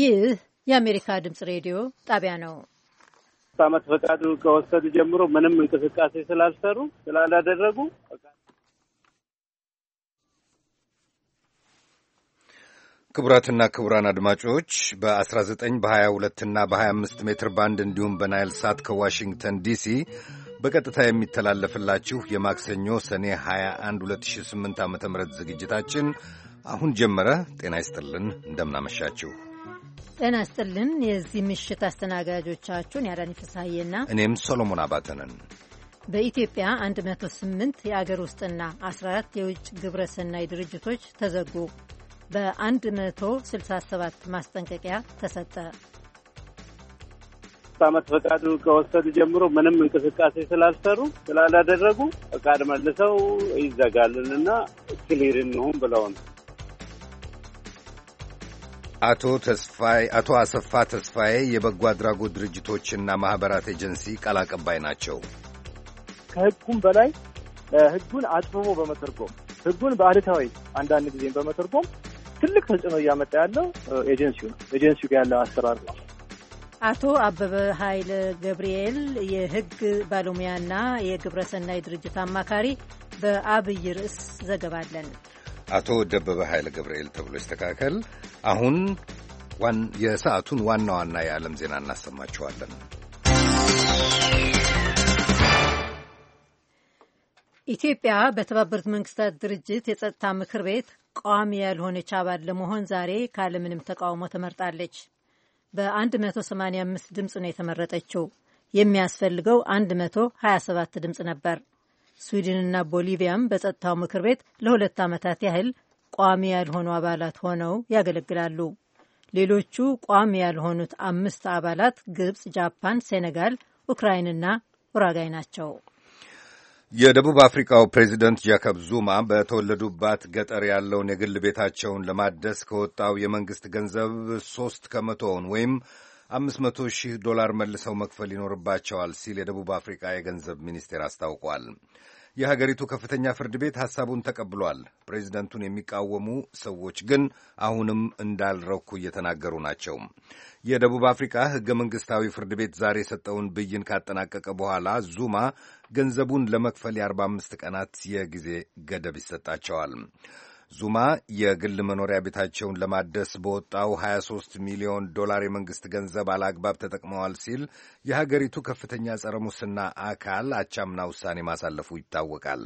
ይህ የአሜሪካ ድምጽ ሬዲዮ ጣቢያ ነው። አመት ፈቃዱ ከወሰዱ ጀምሮ ምንም እንቅስቃሴ ስላልሰሩ ስላላደረጉ ክቡራትና ክቡራን አድማጮች በ19 በ22 እና በ25 ሜትር ባንድ እንዲሁም በናይል ሳት ከዋሽንግተን ዲሲ በቀጥታ የሚተላለፍላችሁ የማክሰኞ ሰኔ 21 2008 ዓ ም ዝግጅታችን አሁን ጀመረ። ጤና ይስጥልን፣ እንደምናመሻችሁ ጤና ይስጥልን። የዚህ ምሽት አስተናጋጆቻችሁን ያዳኒ ፍስሐዬና እኔም ሶሎሞን አባተነን። በኢትዮጵያ 108 የአገር ውስጥና 14 የውጭ ግብረ ሰናይ ድርጅቶች ተዘጉ። በ167 ማስጠንቀቂያ ተሰጠ። አመት ፈቃዱ ከወሰዱ ጀምሮ ምንም እንቅስቃሴ ስላልሰሩ ስላላደረጉ ፈቃድ መልሰው ይዘጋልንና ክሊር እንሁን ብለው ነው አቶ ተስፋይ አቶ አሰፋ ተስፋዬ የበጎ አድራጎት ድርጅቶችና ማኅበራት ኤጀንሲ ቃል አቀባይ ናቸው። ከሕጉም በላይ ሕጉን አጥብቦ በመተርጎም ሕጉን በአድታዊ አንዳንድ ጊዜም በመተርጎም ትልቅ ተጽዕኖ እያመጣ ያለው ኤጀንሲው ነው። ኤጀንሲው ጋር ያለው አሰራር ነው። አቶ አበበ ኃይለ ገብርኤል የሕግ ባለሙያና የግብረሰናይ ድርጅት አማካሪ፣ በአብይ ርዕስ ዘገባ አለን። አቶ ደበበ ኃይለ ገብርኤል ተብሎ ይስተካከል። አሁን የሰዓቱን ዋና ዋና የዓለም ዜና እናሰማችኋለን። ኢትዮጵያ በተባበሩት መንግስታት ድርጅት የጸጥታ ምክር ቤት ቋሚ ያልሆነች አባል ለመሆን ዛሬ ካለምንም ተቃውሞ ተመርጣለች። በ185 ድምፅ ነው የተመረጠችው። የሚያስፈልገው 127 ድምፅ ነበር። ስዊድንና ቦሊቪያም በጸጥታው ምክር ቤት ለሁለት ዓመታት ያህል ቋሚ ያልሆኑ አባላት ሆነው ያገለግላሉ። ሌሎቹ ቋሚ ያልሆኑት አምስት አባላት ግብፅ፣ ጃፓን፣ ሴኔጋል፣ ኡክራይንና ኡራጋይ ናቸው። የደቡብ አፍሪካው ፕሬዚደንት ጃከብ ዙማ በተወለዱባት ገጠር ያለውን የግል ቤታቸውን ለማደስ ከወጣው የመንግሥት ገንዘብ ሦስት ከመቶውን ወይም አምስት መቶ ሺህ ዶላር መልሰው መክፈል ይኖርባቸዋል ሲል የደቡብ አፍሪካ የገንዘብ ሚኒስቴር አስታውቋል። የሀገሪቱ ከፍተኛ ፍርድ ቤት ሐሳቡን ተቀብሏል። ፕሬዚደንቱን የሚቃወሙ ሰዎች ግን አሁንም እንዳልረኩ እየተናገሩ ናቸው። የደቡብ አፍሪካ ሕገ መንግሥታዊ ፍርድ ቤት ዛሬ የሰጠውን ብይን ካጠናቀቀ በኋላ ዙማ ገንዘቡን ለመክፈል የ45 ቀናት የጊዜ ገደብ ይሰጣቸዋል። ዙማ የግል መኖሪያ ቤታቸውን ለማደስ በወጣው 23 ሚሊዮን ዶላር የመንግሥት ገንዘብ አላግባብ ተጠቅመዋል ሲል የሀገሪቱ ከፍተኛ ጸረ ሙስና አካል አቻምና ውሳኔ ማሳለፉ ይታወቃል።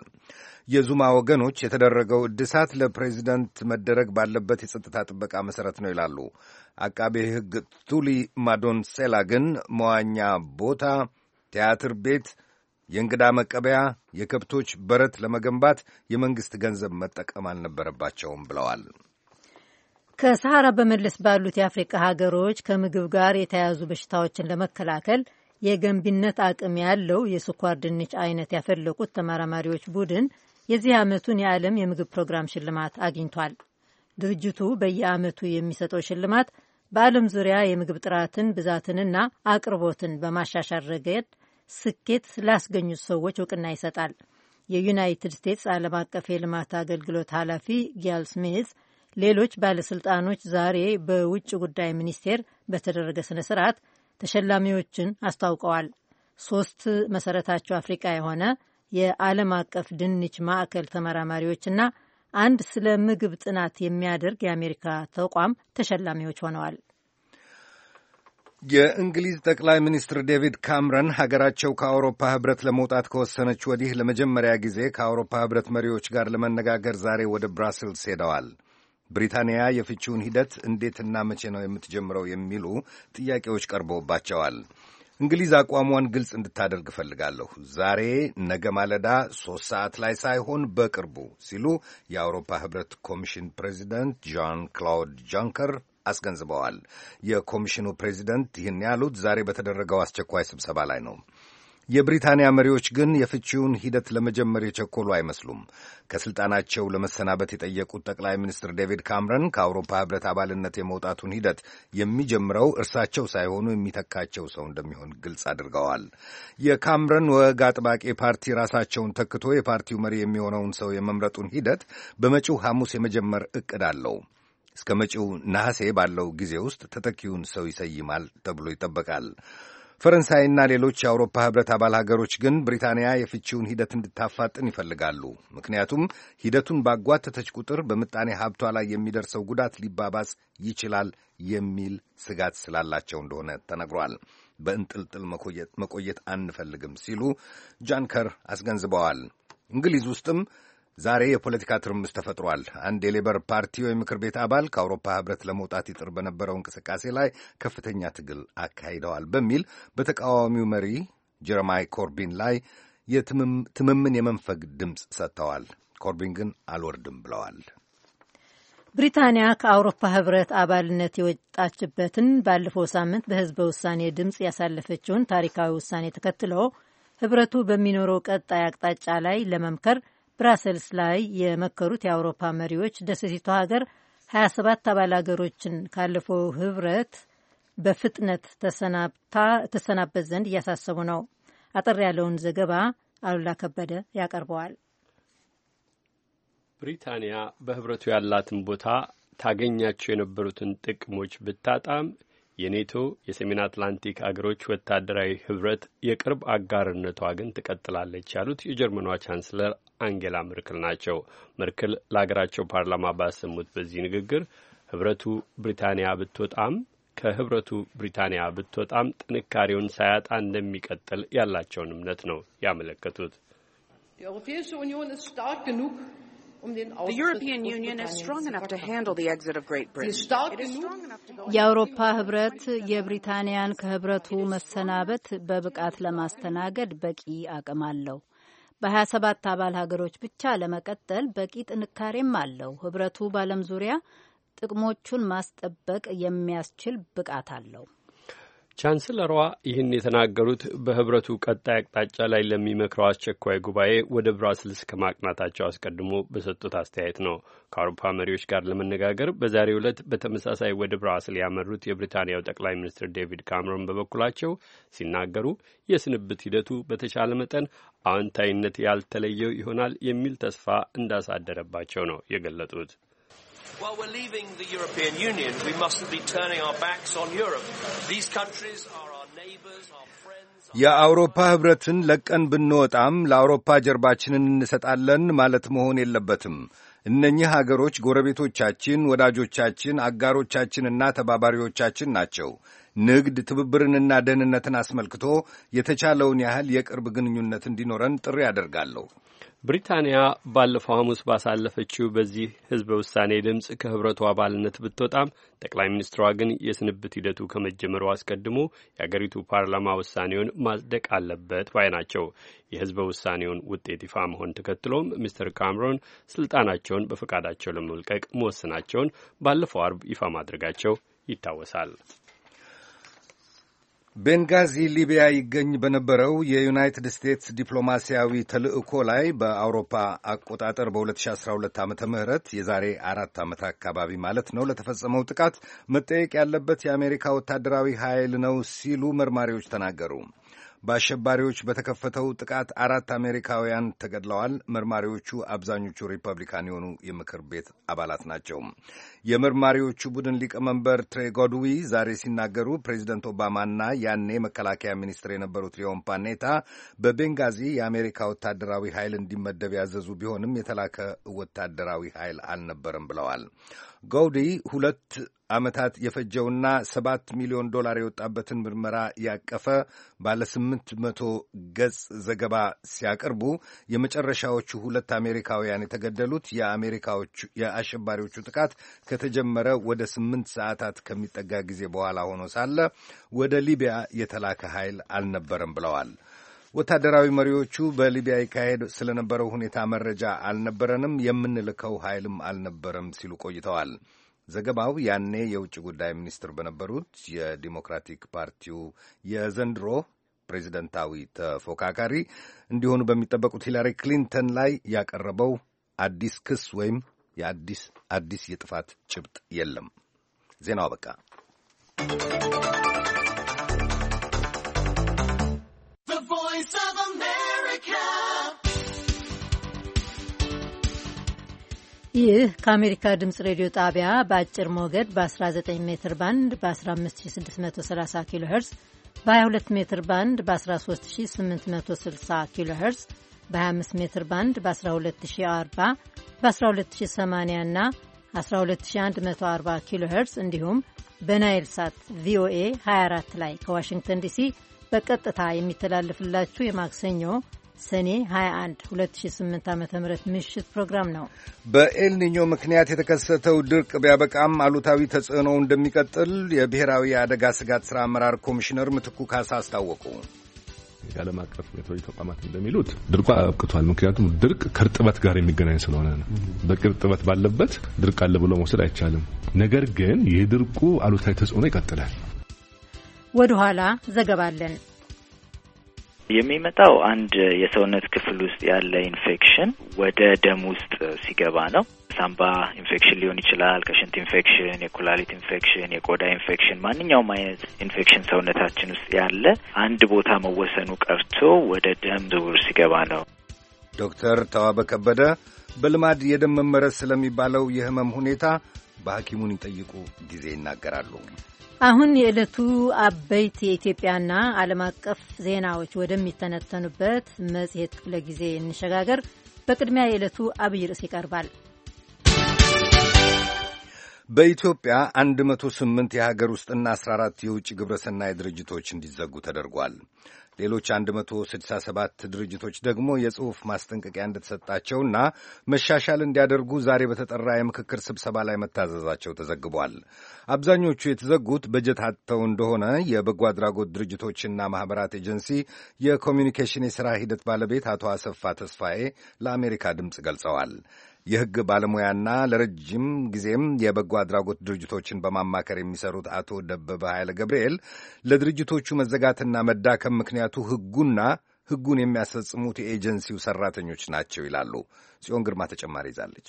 የዙማ ወገኖች የተደረገው እድሳት ለፕሬዚደንት መደረግ ባለበት የጸጥታ ጥበቃ መሠረት ነው ይላሉ። አቃቤ ሕግ ቱሊ ማዶንሴላ ግን መዋኛ ቦታ፣ ቲያትር ቤት የእንግዳ መቀበያ፣ የከብቶች በረት ለመገንባት የመንግሥት ገንዘብ መጠቀም አልነበረባቸውም ብለዋል። ከሰሐራ በመለስ ባሉት የአፍሪቃ ሀገሮች ከምግብ ጋር የተያያዙ በሽታዎችን ለመከላከል የገንቢነት አቅም ያለው የስኳር ድንች አይነት ያፈለቁት ተመራማሪዎች ቡድን የዚህ ዓመቱን የዓለም የምግብ ፕሮግራም ሽልማት አግኝቷል። ድርጅቱ በየዓመቱ የሚሰጠው ሽልማት በዓለም ዙሪያ የምግብ ጥራትን ብዛትንና አቅርቦትን በማሻሻል ረገድ ስኬት ላስገኙት ሰዎች እውቅና ይሰጣል። የዩናይትድ ስቴትስ ዓለም አቀፍ የልማት አገልግሎት ኃላፊ ጊያል ስሚዝ ሌሎች ባለስልጣኖች ዛሬ በውጭ ጉዳይ ሚኒስቴር በተደረገ ስነ ስርዓት ተሸላሚዎችን አስታውቀዋል። ሦስት መሠረታቸው አፍሪቃ የሆነ የዓለም አቀፍ ድንች ማዕከል ተመራማሪዎችና አንድ ስለ ምግብ ጥናት የሚያደርግ የአሜሪካ ተቋም ተሸላሚዎች ሆነዋል። የእንግሊዝ ጠቅላይ ሚኒስትር ዴቪድ ካምረን ሀገራቸው ከአውሮፓ ህብረት ለመውጣት ከወሰነች ወዲህ ለመጀመሪያ ጊዜ ከአውሮፓ ህብረት መሪዎች ጋር ለመነጋገር ዛሬ ወደ ብራስልስ ሄደዋል። ብሪታንያ የፍቺውን ሂደት እንዴትና መቼ ነው የምትጀምረው የሚሉ ጥያቄዎች ቀርበውባቸዋል። እንግሊዝ አቋሟን ግልጽ እንድታደርግ እፈልጋለሁ፣ ዛሬ ነገ ማለዳ ሦስት ሰዓት ላይ ሳይሆን በቅርቡ ሲሉ የአውሮፓ ህብረት ኮሚሽን ፕሬዚደንት ዣን ክላውድ ጃንከር አስገንዝበዋል። የኮሚሽኑ ፕሬዚደንት ይህን ያሉት ዛሬ በተደረገው አስቸኳይ ስብሰባ ላይ ነው። የብሪታንያ መሪዎች ግን የፍቺውን ሂደት ለመጀመር የቸኮሉ አይመስሉም። ከስልጣናቸው ለመሰናበት የጠየቁት ጠቅላይ ሚኒስትር ዴቪድ ካምረን ከአውሮፓ ሕብረት አባልነት የመውጣቱን ሂደት የሚጀምረው እርሳቸው ሳይሆኑ የሚተካቸው ሰው እንደሚሆን ግልጽ አድርገዋል። የካምረን ወግ አጥባቂ ፓርቲ ራሳቸውን ተክቶ የፓርቲው መሪ የሚሆነውን ሰው የመምረጡን ሂደት በመጪው ሐሙስ የመጀመር እቅድ አለው። እስከ መጪው ነሐሴ ባለው ጊዜ ውስጥ ተተኪውን ሰው ይሰይማል ተብሎ ይጠበቃል። ፈረንሳይና ሌሎች የአውሮፓ ህብረት አባል ሀገሮች ግን ብሪታንያ የፍቺውን ሂደት እንድታፋጥን ይፈልጋሉ። ምክንያቱም ሂደቱን ባጓተተች ቁጥር በምጣኔ ሀብቷ ላይ የሚደርሰው ጉዳት ሊባባስ ይችላል የሚል ስጋት ስላላቸው እንደሆነ ተነግሯል። በእንጥልጥል መቆየት አንፈልግም ሲሉ ጃንከር አስገንዝበዋል። እንግሊዝ ውስጥም ዛሬ የፖለቲካ ትርምስ ተፈጥሯል። አንድ የሌበር ወይ ምክር ቤት አባል ከአውሮፓ ህብረት ለመውጣት ይጥር በነበረው እንቅስቃሴ ላይ ከፍተኛ ትግል አካሂደዋል በሚል በተቃዋሚው መሪ ጀረማይ ኮርቢን ላይ የትምምን የመንፈግ ድምፅ ሰጥተዋል። ኮርቢን ግን አልወርድም ብለዋል። ብሪታንያ ከአውሮፓ ህብረት አባልነት የወጣችበትን ባለፈው ሳምንት በህዝበ ውሳኔ ድምፅ ያሳለፈችውን ታሪካዊ ውሳኔ ተከትሎ ህብረቱ በሚኖረው ቀጣይ አቅጣጫ ላይ ለመምከር ብራሰልስ ላይ የመከሩት የአውሮፓ መሪዎች ደሴቲቱ ሀገር 27 አባል ሀገሮችን ካለፈው ህብረት በፍጥነት ተሰናበት ዘንድ እያሳሰቡ ነው። አጠር ያለውን ዘገባ አሉላ ከበደ ያቀርበዋል። ብሪታንያ በህብረቱ ያላትን ቦታ ታገኛቸው የነበሩትን ጥቅሞች ብታጣም የኔቶ የሰሜን አትላንቲክ አገሮች ወታደራዊ ህብረት የቅርብ አጋርነቷ ግን ትቀጥላለች ያሉት የጀርመኗ ቻንስለር አንጌላ መርክል ናቸው። መርክል ለሀገራቸው ፓርላማ ባሰሙት በዚህ ንግግር ህብረቱ ብሪታንያ ብትወጣም ከህብረቱ ብሪታንያ ብትወጣም ጥንካሬውን ሳያጣ እንደሚቀጥል ያላቸውን እምነት ነው ያመለከቱት። የአውሮፓ ህብረት የብሪታንያን ከህብረቱ መሰናበት በብቃት ለማስተናገድ በቂ አቅም አለው። በ27 አባል ሀገሮች ብቻ ለመቀጠል በቂ ጥንካሬም አለው። ህብረቱ በዓለም ዙሪያ ጥቅሞቹን ማስጠበቅ የሚያስችል ብቃት አለው። ቻንስለሯ ይህን የተናገሩት በህብረቱ ቀጣይ አቅጣጫ ላይ ለሚመክረው አስቸኳይ ጉባኤ ወደ ብራስልስ ከማቅናታቸው አስቀድሞ በሰጡት አስተያየት ነው። ከአውሮፓ መሪዎች ጋር ለመነጋገር በዛሬ ዕለት በተመሳሳይ ወደ ብራስል ያመሩት የብሪታንያው ጠቅላይ ሚኒስትር ዴቪድ ካምሮን በበኩላቸው ሲናገሩ የስንብት ሂደቱ በተቻለ መጠን አዎንታዊነት ያልተለየው ይሆናል የሚል ተስፋ እንዳሳደረባቸው ነው የገለጡት። የአውሮፓ ኅብረትን ለቀን ብንወጣም ለአውሮፓ ጀርባችንን እንሰጣለን ማለት መሆን የለበትም። እነኚህ አገሮች ጎረቤቶቻችን፣ ወዳጆቻችን፣ አጋሮቻችንና ተባባሪዎቻችን ናቸው። ንግድ፣ ትብብርንና ደህንነትን አስመልክቶ የተቻለውን ያህል የቅርብ ግንኙነት እንዲኖረን ጥሪ አደርጋለሁ። ብሪታንያ ባለፈው ሐሙስ ባሳለፈችው በዚህ ሕዝበ ውሳኔ ድምፅ ከህብረቱ አባልነት ብትወጣም ጠቅላይ ሚኒስትሯ ግን የስንብት ሂደቱ ከመጀመሩ አስቀድሞ የአገሪቱ ፓርላማ ውሳኔውን ማጽደቅ አለበት ባይ ናቸው። የሕዝበ ውሳኔውን ውጤት ይፋ መሆን ተከትሎም ሚስተር ካምሮን ስልጣናቸውን በፈቃዳቸው ለመልቀቅ መወሰናቸውን ባለፈው አርብ ይፋ ማድረጋቸው ይታወሳል። ቤንጋዚ ሊቢያ ይገኝ በነበረው የዩናይትድ ስቴትስ ዲፕሎማሲያዊ ተልእኮ ላይ በአውሮፓ አቆጣጠር በ2012 ዓ ም የዛሬ አራት ዓመት አካባቢ ማለት ነው ለተፈጸመው ጥቃት መጠየቅ ያለበት የአሜሪካ ወታደራዊ ኃይል ነው ሲሉ መርማሪዎች ተናገሩ። በአሸባሪዎች በተከፈተው ጥቃት አራት አሜሪካውያን ተገድለዋል። መርማሪዎቹ አብዛኞቹ ሪፐብሊካን የሆኑ የምክር ቤት አባላት ናቸው። የመርማሪዎቹ ቡድን ሊቀመንበር ትሬ ጎድዊ ዛሬ ሲናገሩ ፕሬዚደንት ኦባማና ያኔ መከላከያ ሚኒስትር የነበሩት ሊዮን ፓኔታ በቤንጋዚ የአሜሪካ ወታደራዊ ኃይል እንዲመደብ ያዘዙ ቢሆንም የተላከ ወታደራዊ ኃይል አልነበረም ብለዋል። ጎውዲ ሁለት ዓመታት የፈጀውና ሰባት ሚሊዮን ዶላር የወጣበትን ምርመራ ያቀፈ ባለ ስምንት መቶ ገጽ ዘገባ ሲያቀርቡ የመጨረሻዎቹ ሁለት አሜሪካውያን የተገደሉት የአሜሪካዎቹ የአሸባሪዎቹ ጥቃት ከተጀመረ ወደ ስምንት ሰዓታት ከሚጠጋ ጊዜ በኋላ ሆኖ ሳለ ወደ ሊቢያ የተላከ ኃይል አልነበረም ብለዋል። ወታደራዊ መሪዎቹ በሊቢያ ይካሄድ ስለነበረው ሁኔታ መረጃ አልነበረንም፣ የምንልከው ኃይልም አልነበረም ሲሉ ቆይተዋል። ዘገባው ያኔ የውጭ ጉዳይ ሚኒስትር በነበሩት የዲሞክራቲክ ፓርቲው የዘንድሮ ፕሬዚደንታዊ ተፎካካሪ እንዲሆኑ በሚጠበቁት ሂላሪ ክሊንተን ላይ ያቀረበው አዲስ ክስ ወይም የአዲስ አዲስ የጥፋት ጭብጥ የለም። ዜናው አበቃ። ይህ ከአሜሪካ ድምፅ ሬዲዮ ጣቢያ በአጭር ሞገድ በ19 ሜትር ባንድ በ15630 ኪሎ ሄርዝ በ22 ሜትር ባንድ በ13860 ኪሎ ሄርዝ በ25 ሜትር ባንድ በ 1240 በ 1280 እና 12140 ኪሎ ሄርዝ እንዲሁም በናይል ሳት ቪኦኤ 24 ላይ ከዋሽንግተን ዲሲ በቀጥታ የሚተላለፍላችሁ የማክሰኞ ሰኔ 21 2008 ዓ ም ምሽት ፕሮግራም ነው። በኤልኒኞ ምክንያት የተከሰተው ድርቅ ቢያበቃም አሉታዊ ተጽዕኖው እንደሚቀጥል የብሔራዊ የአደጋ ስጋት ሥራ አመራር ኮሚሽነር ምትኩ ካሳ አስታወቁ። የዓለም አቀፍ ሜትሮሎጂ ተቋማት እንደሚሉት ድርቁ አብቅቷል። ምክንያቱም ድርቅ ከእርጥበት ጋር የሚገናኝ ስለሆነ ነው። በቂ እርጥበት ባለበት ድርቅ አለ ብሎ መውሰድ አይቻልም። ነገር ግን የድርቁ አሉታዊ ተጽዕኖ ይቀጥላል። ወደ ኋላ ዘገባለን የሚመጣው አንድ የሰውነት ክፍል ውስጥ ያለ ኢንፌክሽን ወደ ደም ውስጥ ሲገባ ነው። ሳምባ ኢንፌክሽን ሊሆን ይችላል፣ ከሽንት ኢንፌክሽን፣ የኩላሊት ኢንፌክሽን፣ የቆዳ ኢንፌክሽን፣ ማንኛውም አይነት ኢንፌክሽን ሰውነታችን ውስጥ ያለ አንድ ቦታ መወሰኑ ቀርቶ ወደ ደም ዝውውር ሲገባ ነው። ዶክተር ተዋበ ከበደ በልማድ የደም መመረዝ ስለሚባለው የህመም ሁኔታ በሐኪሙን ይጠይቁ ጊዜ ይናገራሉ። አሁን የዕለቱ አበይት የኢትዮጵያና ዓለም አቀፍ ዜናዎች ወደሚተነተኑበት መጽሔት ክፍለ ጊዜ እንሸጋገር። በቅድሚያ የዕለቱ አብይ ርዕስ ይቀርባል። በኢትዮጵያ 108 የሀገር ውስጥና 14 የውጭ ግብረሰናይ ድርጅቶች እንዲዘጉ ተደርጓል። ሌሎች 167 ድርጅቶች ደግሞ የጽሑፍ ማስጠንቀቂያ እንደተሰጣቸውና መሻሻል እንዲያደርጉ ዛሬ በተጠራ የምክክር ስብሰባ ላይ መታዘዛቸው ተዘግቧል። አብዛኞቹ የተዘጉት በጀት አጥተው እንደሆነ የበጎ አድራጎት ድርጅቶችና ማኅበራት ኤጀንሲ የኮሚኒኬሽን የሥራ ሂደት ባለቤት አቶ አሰፋ ተስፋዬ ለአሜሪካ ድምፅ ገልጸዋል። የሕግ ባለሙያና ለረጅም ጊዜም የበጎ አድራጎት ድርጅቶችን በማማከር የሚሰሩት አቶ ደበበ ኃይለ ገብርኤል ለድርጅቶቹ መዘጋትና መዳከም ምክንያቱ ሕጉና ሕጉን የሚያስፈጽሙት የኤጀንሲው ሠራተኞች ናቸው ይላሉ። ጽዮን ግርማ ተጨማሪ ይዛለች።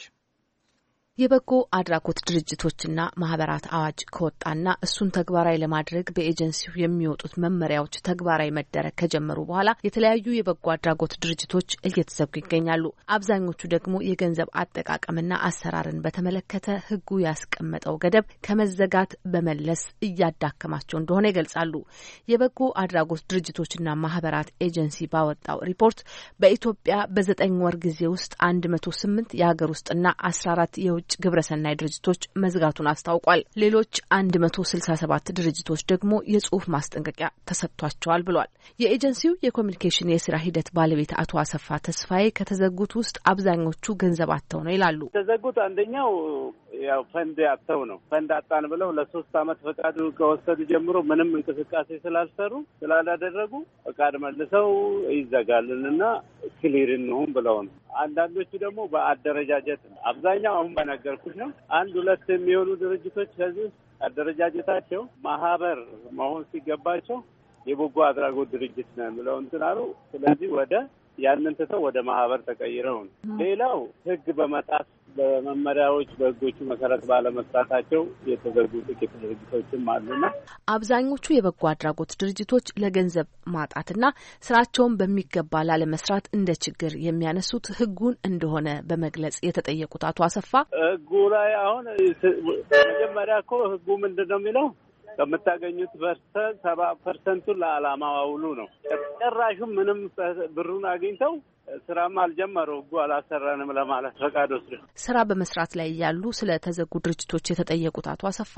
የበጎ አድራጎት ድርጅቶችና ማህበራት አዋጅ ከወጣና እሱን ተግባራዊ ለማድረግ በኤጀንሲው የሚወጡት መመሪያዎች ተግባራዊ መደረግ ከጀመሩ በኋላ የተለያዩ የበጎ አድራጎት ድርጅቶች እየተዘጉ ይገኛሉ። አብዛኞቹ ደግሞ የገንዘብ አጠቃቀምና አሰራርን በተመለከተ ህጉ ያስቀመጠው ገደብ ከመዘጋት በመለስ እያዳከማቸው እንደሆነ ይገልጻሉ። የበጎ አድራጎት ድርጅቶችና ማህበራት ኤጀንሲ ባወጣው ሪፖርት በኢትዮጵያ በዘጠኝ ወር ጊዜ ውስጥ አንድ መቶ ስምንት የሀገር ውስጥና አስራ አራት የውጭ የውጭ ግብረሰናይ ድርጅቶች መዝጋቱን አስታውቋል። ሌሎች 167 ድርጅቶች ደግሞ የጽሁፍ ማስጠንቀቂያ ተሰጥቷቸዋል ብሏል። የኤጀንሲው የኮሚኒኬሽን የስራ ሂደት ባለቤት አቶ አሰፋ ተስፋዬ ከተዘጉት ውስጥ አብዛኞቹ ገንዘብ አጥተው ነው ይላሉ። የተዘጉት አንደኛው ያው ፈንድ አጥተው ነው። ፈንድ አጣን ብለው ለሶስት አመት ፈቃዱ ከወሰዱ ጀምሮ ምንም እንቅስቃሴ ስላልሰሩ ስላላደረጉ ፈቃድ መልሰው ይዘጋልንና እና ክሊር እንሁን ብለው ነው። አንዳንዶቹ ደግሞ በአደረጃጀት ነው። አብዛኛው አሁን እንደነገርኩት ነው። አንድ ሁለት የሚሆኑ ድርጅቶች ከዚህ አደረጃጀታቸው ማህበር መሆን ሲገባቸው የበጎ አድራጎት ድርጅት ነው ብለው እንትን አሉ። ስለዚህ ወደ ያንን ትተው ወደ ማህበር ተቀይረው ነው። ሌላው ህግ በመጣት በመመሪያዎች በህጎቹ መሰረት ባለመስራታቸው የተዘጉ ጥቂት ድርጅቶችም አሉና አብዛኞቹ የበጎ አድራጎት ድርጅቶች ለገንዘብ ማጣትና ስራቸውን በሚገባ ላለመስራት እንደ ችግር የሚያነሱት ህጉን እንደሆነ በመግለጽ የተጠየቁት አቶ አሰፋ ህጉ ላይ አሁን መጀመሪያ እኮ ህጉ ምንድን ነው የሚለው ከምታገኙት ፐርሰንት ሰባ ፐርሰንቱን ለአላማ አውሉ ነው። ጨራሹ ምንም ብሩን አግኝተው ስራም አልጀመሩ ህጉ አላሰራንም ለማለት ፈቃድ ወስደ ስራ በመስራት ላይ ያሉ ስለ ተዘጉ ድርጅቶች የተጠየቁት አቶ አሰፋ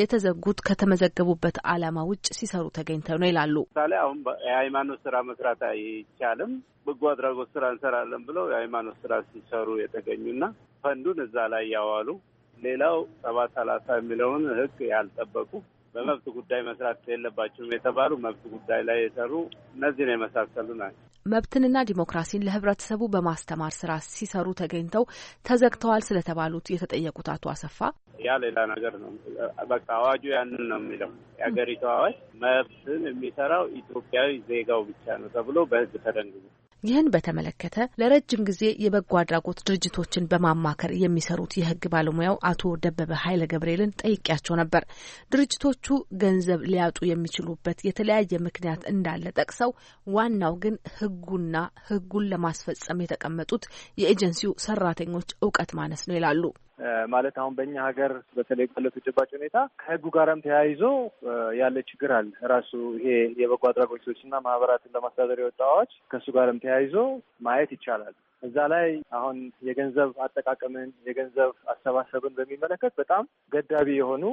የተዘጉት ከተመዘገቡበት አላማ ውጭ ሲሰሩ ተገኝተው ነው ይላሉ። ምሳሌ አሁን የሃይማኖት ስራ መስራት አይቻልም፣ በጎ አድራጎት ስራ እንሰራለን ብለው የሃይማኖት ስራ ሲሰሩ የተገኙና ፈንዱን እዛ ላይ ያዋሉ ሌላው ሰባት ሰላሳ የሚለውን ህግ ያልጠበቁ በመብት ጉዳይ መስራት የለባቸውም የተባሉ መብት ጉዳይ ላይ የሰሩ እነዚህ ነው የመሳሰሉ ናቸው። መብትንና ዲሞክራሲን ለህብረተሰቡ በማስተማር ስራ ሲሰሩ ተገኝተው ተዘግተዋል ስለተባሉት የተጠየቁት አቶ አሰፋ ያ ሌላ ነገር ነው። በቃ አዋጁ ያንን ነው የሚለው። የሀገሪቱ አዋጅ መብትን የሚሰራው ኢትዮጵያዊ ዜጋው ብቻ ነው ተብሎ በህግ ተደንግጓል። ይህን በተመለከተ ለረጅም ጊዜ የበጎ አድራጎት ድርጅቶችን በማማከር የሚሰሩት የህግ ባለሙያው አቶ ደበበ ኃይለ ገብርኤልን ጠይቄያቸው ነበር። ድርጅቶቹ ገንዘብ ሊያጡ የሚችሉበት የተለያየ ምክንያት እንዳለ ጠቅሰው ዋናው ግን ህጉና ህጉን ለማስፈጸም የተቀመጡት የኤጀንሲው ሰራተኞች እውቀት ማነስ ነው ይላሉ። ማለት አሁን በእኛ ሀገር በተለይ ባለፈችበት ሁኔታ ከህጉ ጋርም ተያይዞ ያለ ችግር አለ። ራሱ ይሄ የበጎ አድራጎቶች እና ማህበራትን ለማስተዳደር የወጣ አዋጅ ከእሱ ጋርም ተያይዞ ማየት ይቻላል። እዛ ላይ አሁን የገንዘብ አጠቃቀምን የገንዘብ አሰባሰብን በሚመለከት በጣም ገዳቢ የሆኑ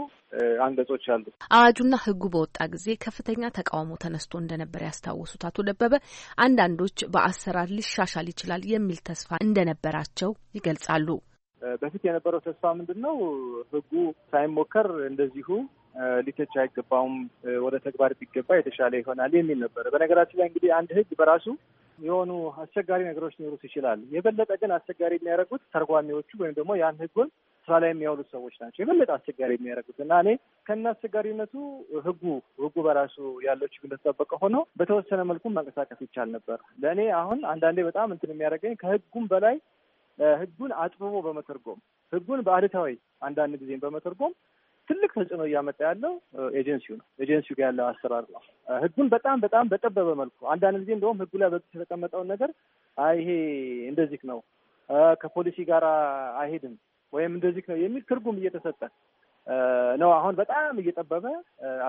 አንቀጾች አሉ። አዋጁና ህጉ በወጣ ጊዜ ከፍተኛ ተቃውሞ ተነስቶ እንደነበር ያስታወሱት አቶ ደበበ አንዳንዶች በአሰራር ሊሻሻል ይችላል የሚል ተስፋ እንደነበራቸው ይገልጻሉ። በፊት የነበረው ተስፋ ምንድን ነው? ህጉ ሳይሞከር እንደዚሁ ሊተች አይገባውም፣ ወደ ተግባር ቢገባ የተሻለ ይሆናል የሚል ነበረ። በነገራችን ላይ እንግዲህ አንድ ህግ በራሱ የሆኑ አስቸጋሪ ነገሮች ሊኖሩት ይችላል። የበለጠ ግን አስቸጋሪ የሚያደርጉት ተርጓሚዎቹ ወይም ደግሞ ያን ህጉን ስራ ላይ የሚያውሉት ሰዎች ናቸው የበለጠ አስቸጋሪ የሚያደርጉት እና እኔ ከእነ አስቸጋሪነቱ ህጉ ህጉ በራሱ ያለው ችግር ተጠበቀ ሆኖ በተወሰነ መልኩ መንቀሳቀስ ይቻል ነበር። ለእኔ አሁን አንዳንዴ በጣም እንትን የሚያደርገኝ ከህጉም በላይ ህጉን አጥብቦ በመተርጎም ህጉን በአሉታዊ አንዳንድ ጊዜም በመተርጎም ትልቅ ተጽዕኖ እያመጣ ያለው ኤጀንሲው ነው። ኤጀንሲው ጋር ያለው አሰራር ነው። ህጉን በጣም በጣም በጠበበ መልኩ አንዳንድ ጊዜ እንደውም ህጉ ላይ በግልጽ የተቀመጠውን ነገር አይ ይሄ እንደዚህ ነው፣ ከፖሊሲ ጋር አይሄድም ወይም እንደዚህ ነው የሚል ትርጉም እየተሰጠ ነው አሁን በጣም እየጠበበ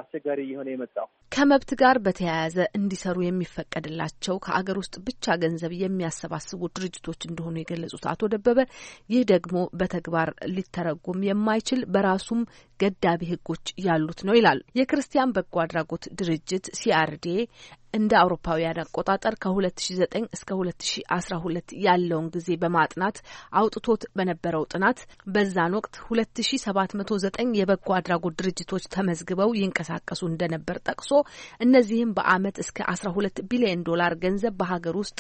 አስቸጋሪ እየሆነ የመጣው። ከመብት ጋር በተያያዘ እንዲሰሩ የሚፈቀድላቸው ከአገር ውስጥ ብቻ ገንዘብ የሚያሰባስቡ ድርጅቶች እንደሆኑ የገለጹት አቶ ደበበ ይህ ደግሞ በተግባር ሊተረጎም የማይችል በራሱም ገዳቢ ሕጎች ያሉት ነው ይላሉ። የክርስቲያን በጎ አድራጎት ድርጅት ሲአርዴ እንደ አውሮፓውያን አቆጣጠር ከ2009 እስከ 2012 ያለውን ጊዜ በማጥናት አውጥቶት በነበረው ጥናት በዛን ወቅት 2709 የበጎ አድራጎት ድርጅቶች ተመዝግበው ይንቀሳቀሱ እንደነበር ጠቅሶ እነዚህም በዓመት እስከ 12 ቢሊዮን ዶላር ገንዘብ በሀገር ውስጥ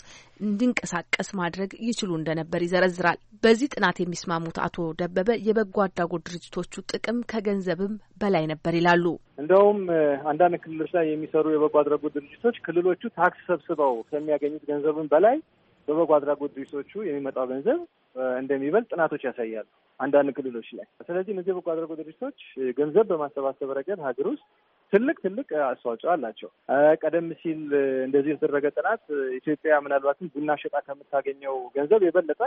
እንዲንቀሳቀስ ማድረግ ይችሉ እንደነበር ይዘረዝራል። በዚህ ጥናት የሚስማሙት አቶ ደበበ የበጎ አድራጎት ድርጅቶቹ ጥቅም ከገንዘብም በላይ ነበር ይላሉ። እንደውም አንዳንድ ክልሎች ላይ የሚሰሩ የበጎ አድራጎት ድርጅቶች ክልሎቹ ታክስ ሰብስበው ከሚያገኙት ገንዘብን በላይ በበጎ አድራጎት ድርጅቶቹ የሚመጣው ገንዘብ እንደሚበልጥ ጥናቶች ያሳያሉ አንዳንድ ክልሎች ላይ። ስለዚህ እነዚህ በጎ አድራጎት ድርጅቶች ገንዘብ በማሰባሰብ ረገድ ሀገር ውስጥ ትልቅ ትልቅ አስተዋጽኦ አላቸው። ቀደም ሲል እንደዚህ የተደረገ ጥናት ኢትዮጵያ ምናልባትም ቡና ሸጣ ከምታገኘው ገንዘብ የበለጠ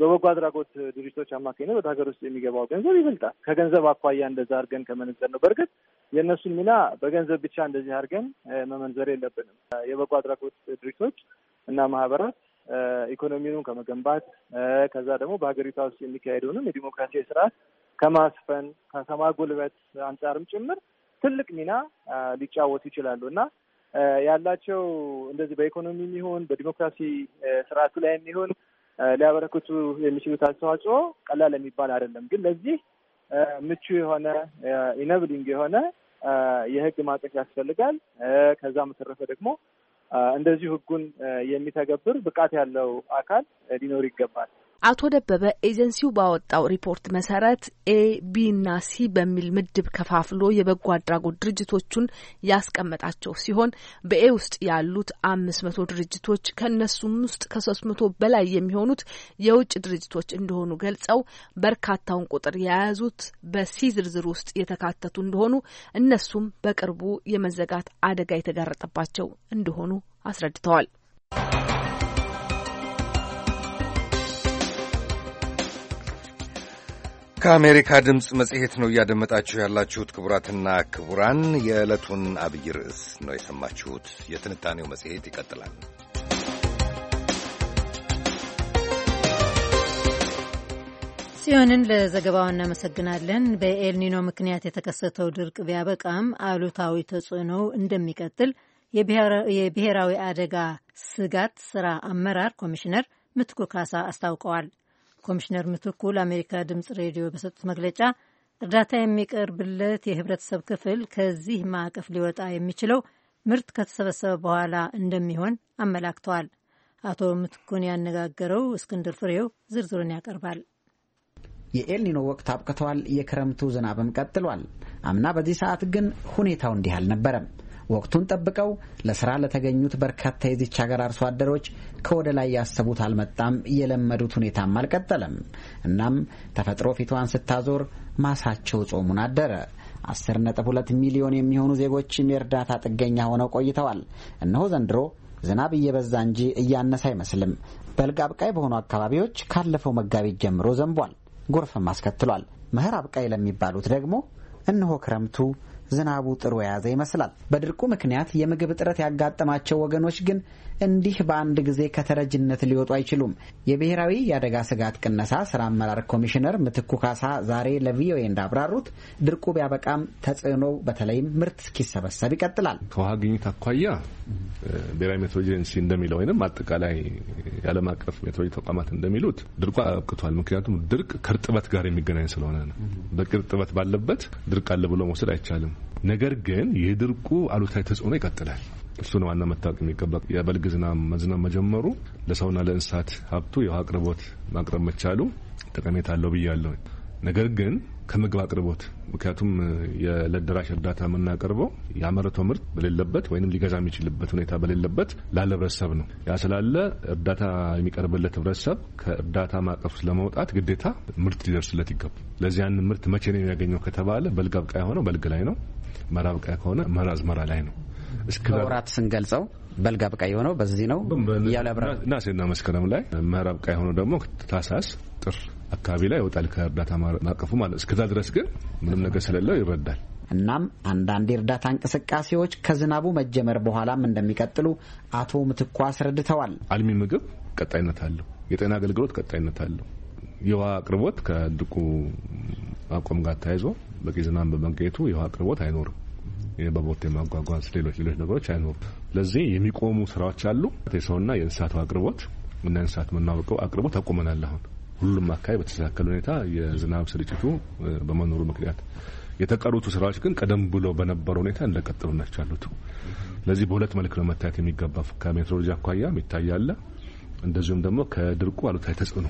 በበጎ አድራጎት ድርጅቶች አማካኝነት ወደ ሀገር ውስጥ የሚገባው ገንዘብ ይበልጣል። ከገንዘብ አኳያ እንደዛ አድርገን ከመነዘር ነው። በእርግጥ የእነሱን ሚና በገንዘብ ብቻ እንደዚህ አድርገን መመንዘር የለብንም። የበጎ አድራጎት ድርጅቶች እና ማህበራት ኢኮኖሚውን ከመገንባት ከዛ ደግሞ በሀገሪቷ ውስጥ የሚካሄደውንም የዲሞክራሲያዊ ስርዓት ከማስፈን ከማጎልበት አንጻርም ጭምር ትልቅ ሚና ሊጫወቱ ይችላሉ እና ያላቸው እንደዚህ በኢኮኖሚ የሚሆን በዲሞክራሲ ስርዓቱ ላይ የሚሆን ሊያበረክቱ የሚችሉት አስተዋጽኦ ቀላል የሚባል አይደለም። ግን ለዚህ ምቹ የሆነ ኢነብሊንግ የሆነ የህግ ማዕቀፍ ያስፈልጋል። ከዛ በተረፈ ደግሞ እንደዚሁ ህጉን የሚተገብር ብቃት ያለው አካል ሊኖር ይገባል። አቶ ደበበ ኤጀንሲው ባወጣው ሪፖርት መሰረት ኤ፣ ቢ ና ሲ በሚል ምድብ ከፋፍሎ የበጎ አድራጎት ድርጅቶቹን ያስቀመጣቸው ሲሆን በኤ ውስጥ ያሉት አምስት መቶ ድርጅቶች ከእነሱም ውስጥ ከሶስት መቶ በላይ የሚሆኑት የውጭ ድርጅቶች እንደሆኑ ገልጸው በርካታውን ቁጥር የያዙት በሲ ዝርዝር ውስጥ የተካተቱ እንደሆኑ እነሱም በቅርቡ የመዘጋት አደጋ የተጋረጠባቸው እንደሆኑ አስረድተዋል። ከአሜሪካ ድምፅ መጽሔት ነው እያደመጣችሁ ያላችሁት። ክቡራትና ክቡራን የዕለቱን አብይ ርዕስ ነው የሰማችሁት። የትንታኔው መጽሔት ይቀጥላል። ጽዮንን ለዘገባው እናመሰግናለን። በኤልኒኖ ምክንያት የተከሰተው ድርቅ ቢያበቃም አሉታዊ ተጽዕኖ እንደሚቀጥል የብሔራዊ አደጋ ስጋት ስራ አመራር ኮሚሽነር ምትኩ ካሳ አስታውቀዋል። ኮሚሽነር ምትኩ ለአሜሪካ ድምፅ ሬዲዮ በሰጡት መግለጫ እርዳታ የሚቀርብለት የህብረተሰብ ክፍል ከዚህ ማዕቀፍ ሊወጣ የሚችለው ምርት ከተሰበሰበ በኋላ እንደሚሆን አመላክተዋል። አቶ ምትኩን ያነጋገረው እስክንድር ፍሬው ዝርዝሩን ያቀርባል። የኤልኒኖ ወቅት አብቅተዋል። የክረምቱ ዝናብም ቀጥሏል። አምና በዚህ ሰዓት ግን ሁኔታው እንዲህ አልነበረም። ወቅቱን ጠብቀው ለስራ ለተገኙት በርካታ የዚች ሀገር አርሶ አደሮች ከወደ ላይ ያሰቡት አልመጣም፣ የለመዱት ሁኔታም አልቀጠለም። እናም ተፈጥሮ ፊቷን ስታዞር ማሳቸው ጾሙን አደረ። 10.2 ሚሊዮን የሚሆኑ ዜጎችም የእርዳታ ጥገኛ ሆነው ቆይተዋል። እነሆ ዘንድሮ ዝናብ እየበዛ እንጂ እያነሰ አይመስልም። በልግ አብቃይ በሆኑ አካባቢዎች ካለፈው መጋቢት ጀምሮ ዘንቧል። ጎርፍም አስከትሏል። መኸር አብቃይ ለሚባሉት ደግሞ እነሆ ክረምቱ ዝናቡ ጥሩ የያዘ ይመስላል። በድርቁ ምክንያት የምግብ እጥረት ያጋጠማቸው ወገኖች ግን እንዲህ በአንድ ጊዜ ከተረጅነት ሊወጡ አይችሉም። የብሔራዊ የአደጋ ስጋት ቅነሳ ስራ አመራር ኮሚሽነር ምትኩ ካሳ ዛሬ ለቪኦኤ እንዳብራሩት ድርቁ ቢያበቃም ተጽዕኖው በተለይም ምርት እስኪሰበሰብ ይቀጥላል። ከውሃ ግኝት አኳያ ብሔራዊ ሜትሮሎጂ ኤጀንሲ እንደሚለው ወይም አጠቃላይ የዓለም አቀፍ ሜትሮሎጂ ተቋማት እንደሚሉት ድርቁ አብቅቷል። ምክንያቱም ድርቅ ከእርጥበት ጋር የሚገናኝ ስለሆነ ነው። በቂ እርጥበት ባለበት ድርቅ አለ ብሎ መውሰድ አይቻልም። ነገር ግን የድርቁ አሉታዊ ተጽዕኖ ይቀጥላል። እሱ ነው ዋና መታወቅ የሚገባ የበልግ ዝናብ መዝናብ መጀመሩ ለሰውና ለእንስሳት ሀብቱ የውሃ አቅርቦት ማቅረብ መቻሉ ጠቀሜታ አለው ብያለሁ። ነገር ግን ከምግብ አቅርቦት ምክንያቱም ለደራሽ እርዳታ የምናቀርበው ያመረተው ምርት በሌለበት ወይም ሊገዛ የሚችልበት ሁኔታ በሌለበት ላለ ህብረተሰብ ነው። ያ ስላለ እርዳታ የሚቀርብለት ህብረተሰብ ከእርዳታ ማዕቀፍ ለመውጣት ግዴታ ምርት ሊደርስለት ይገባ። ለዚህ ያን ምርት መቼ ነው የሚያገኘው ከተባለ በልግ አብቃያ የሆነው በልግ ላይ ነው። መራ ከሆነ መራዝመራ ላይ ነው። ከወራት ስንገልጸው በልግ አብቃ የሆነው በዚህ ነው እያሉ ያብራል። ናሴና መስከረም ላይ ምዕራብ አብቃ የሆነው ደግሞ ታህሳስ ጥር አካባቢ ላይ ይወጣል ከእርዳታ ማቀፉ ማለት እስከዛ ድረስ ግን ምንም ነገር ስለሌለው ይረዳል። እናም አንዳንድ የእርዳታ እንቅስቃሴዎች ከዝናቡ መጀመር በኋላም እንደሚቀጥሉ አቶ ምትኳ አስረድተዋል። አልሚ ምግብ ቀጣይነት አለው። የጤና አገልግሎት ቀጣይነት አለው። የውሃ አቅርቦት ከድርቁ አቋም ጋር ተያይዞ በቂ ዝናብ በመገኘቱ የውሃ አቅርቦት አይኖርም። በቦት የማጓጓዝ ሌሎች ሌሎች ነገሮች አይኖሩም። ለዚህ የሚቆሙ ስራዎች አሉ። የሰውና የእንስሳቱ አቅርቦት እና እንስሳት መናወቀው አቅርቦት አቁመናል። አሁን ሁሉም አካባቢ በተስተካከለ ሁኔታ የዝናብ ስርጭቱ በመኖሩ ምክንያት የተቀሩቱ ስራዎች ግን ቀደም ብሎ በነበረ ሁኔታ እንደቀጠሉ ናቸው ያሉት። ለዚህ በሁለት መልክ ነው መታየት የሚገባ። ከሜትሮሎጂ አኳያም ይታያለ፣ እንደዚሁም ደግሞ ከድርቁ አሉታዊ ተጽዕኖ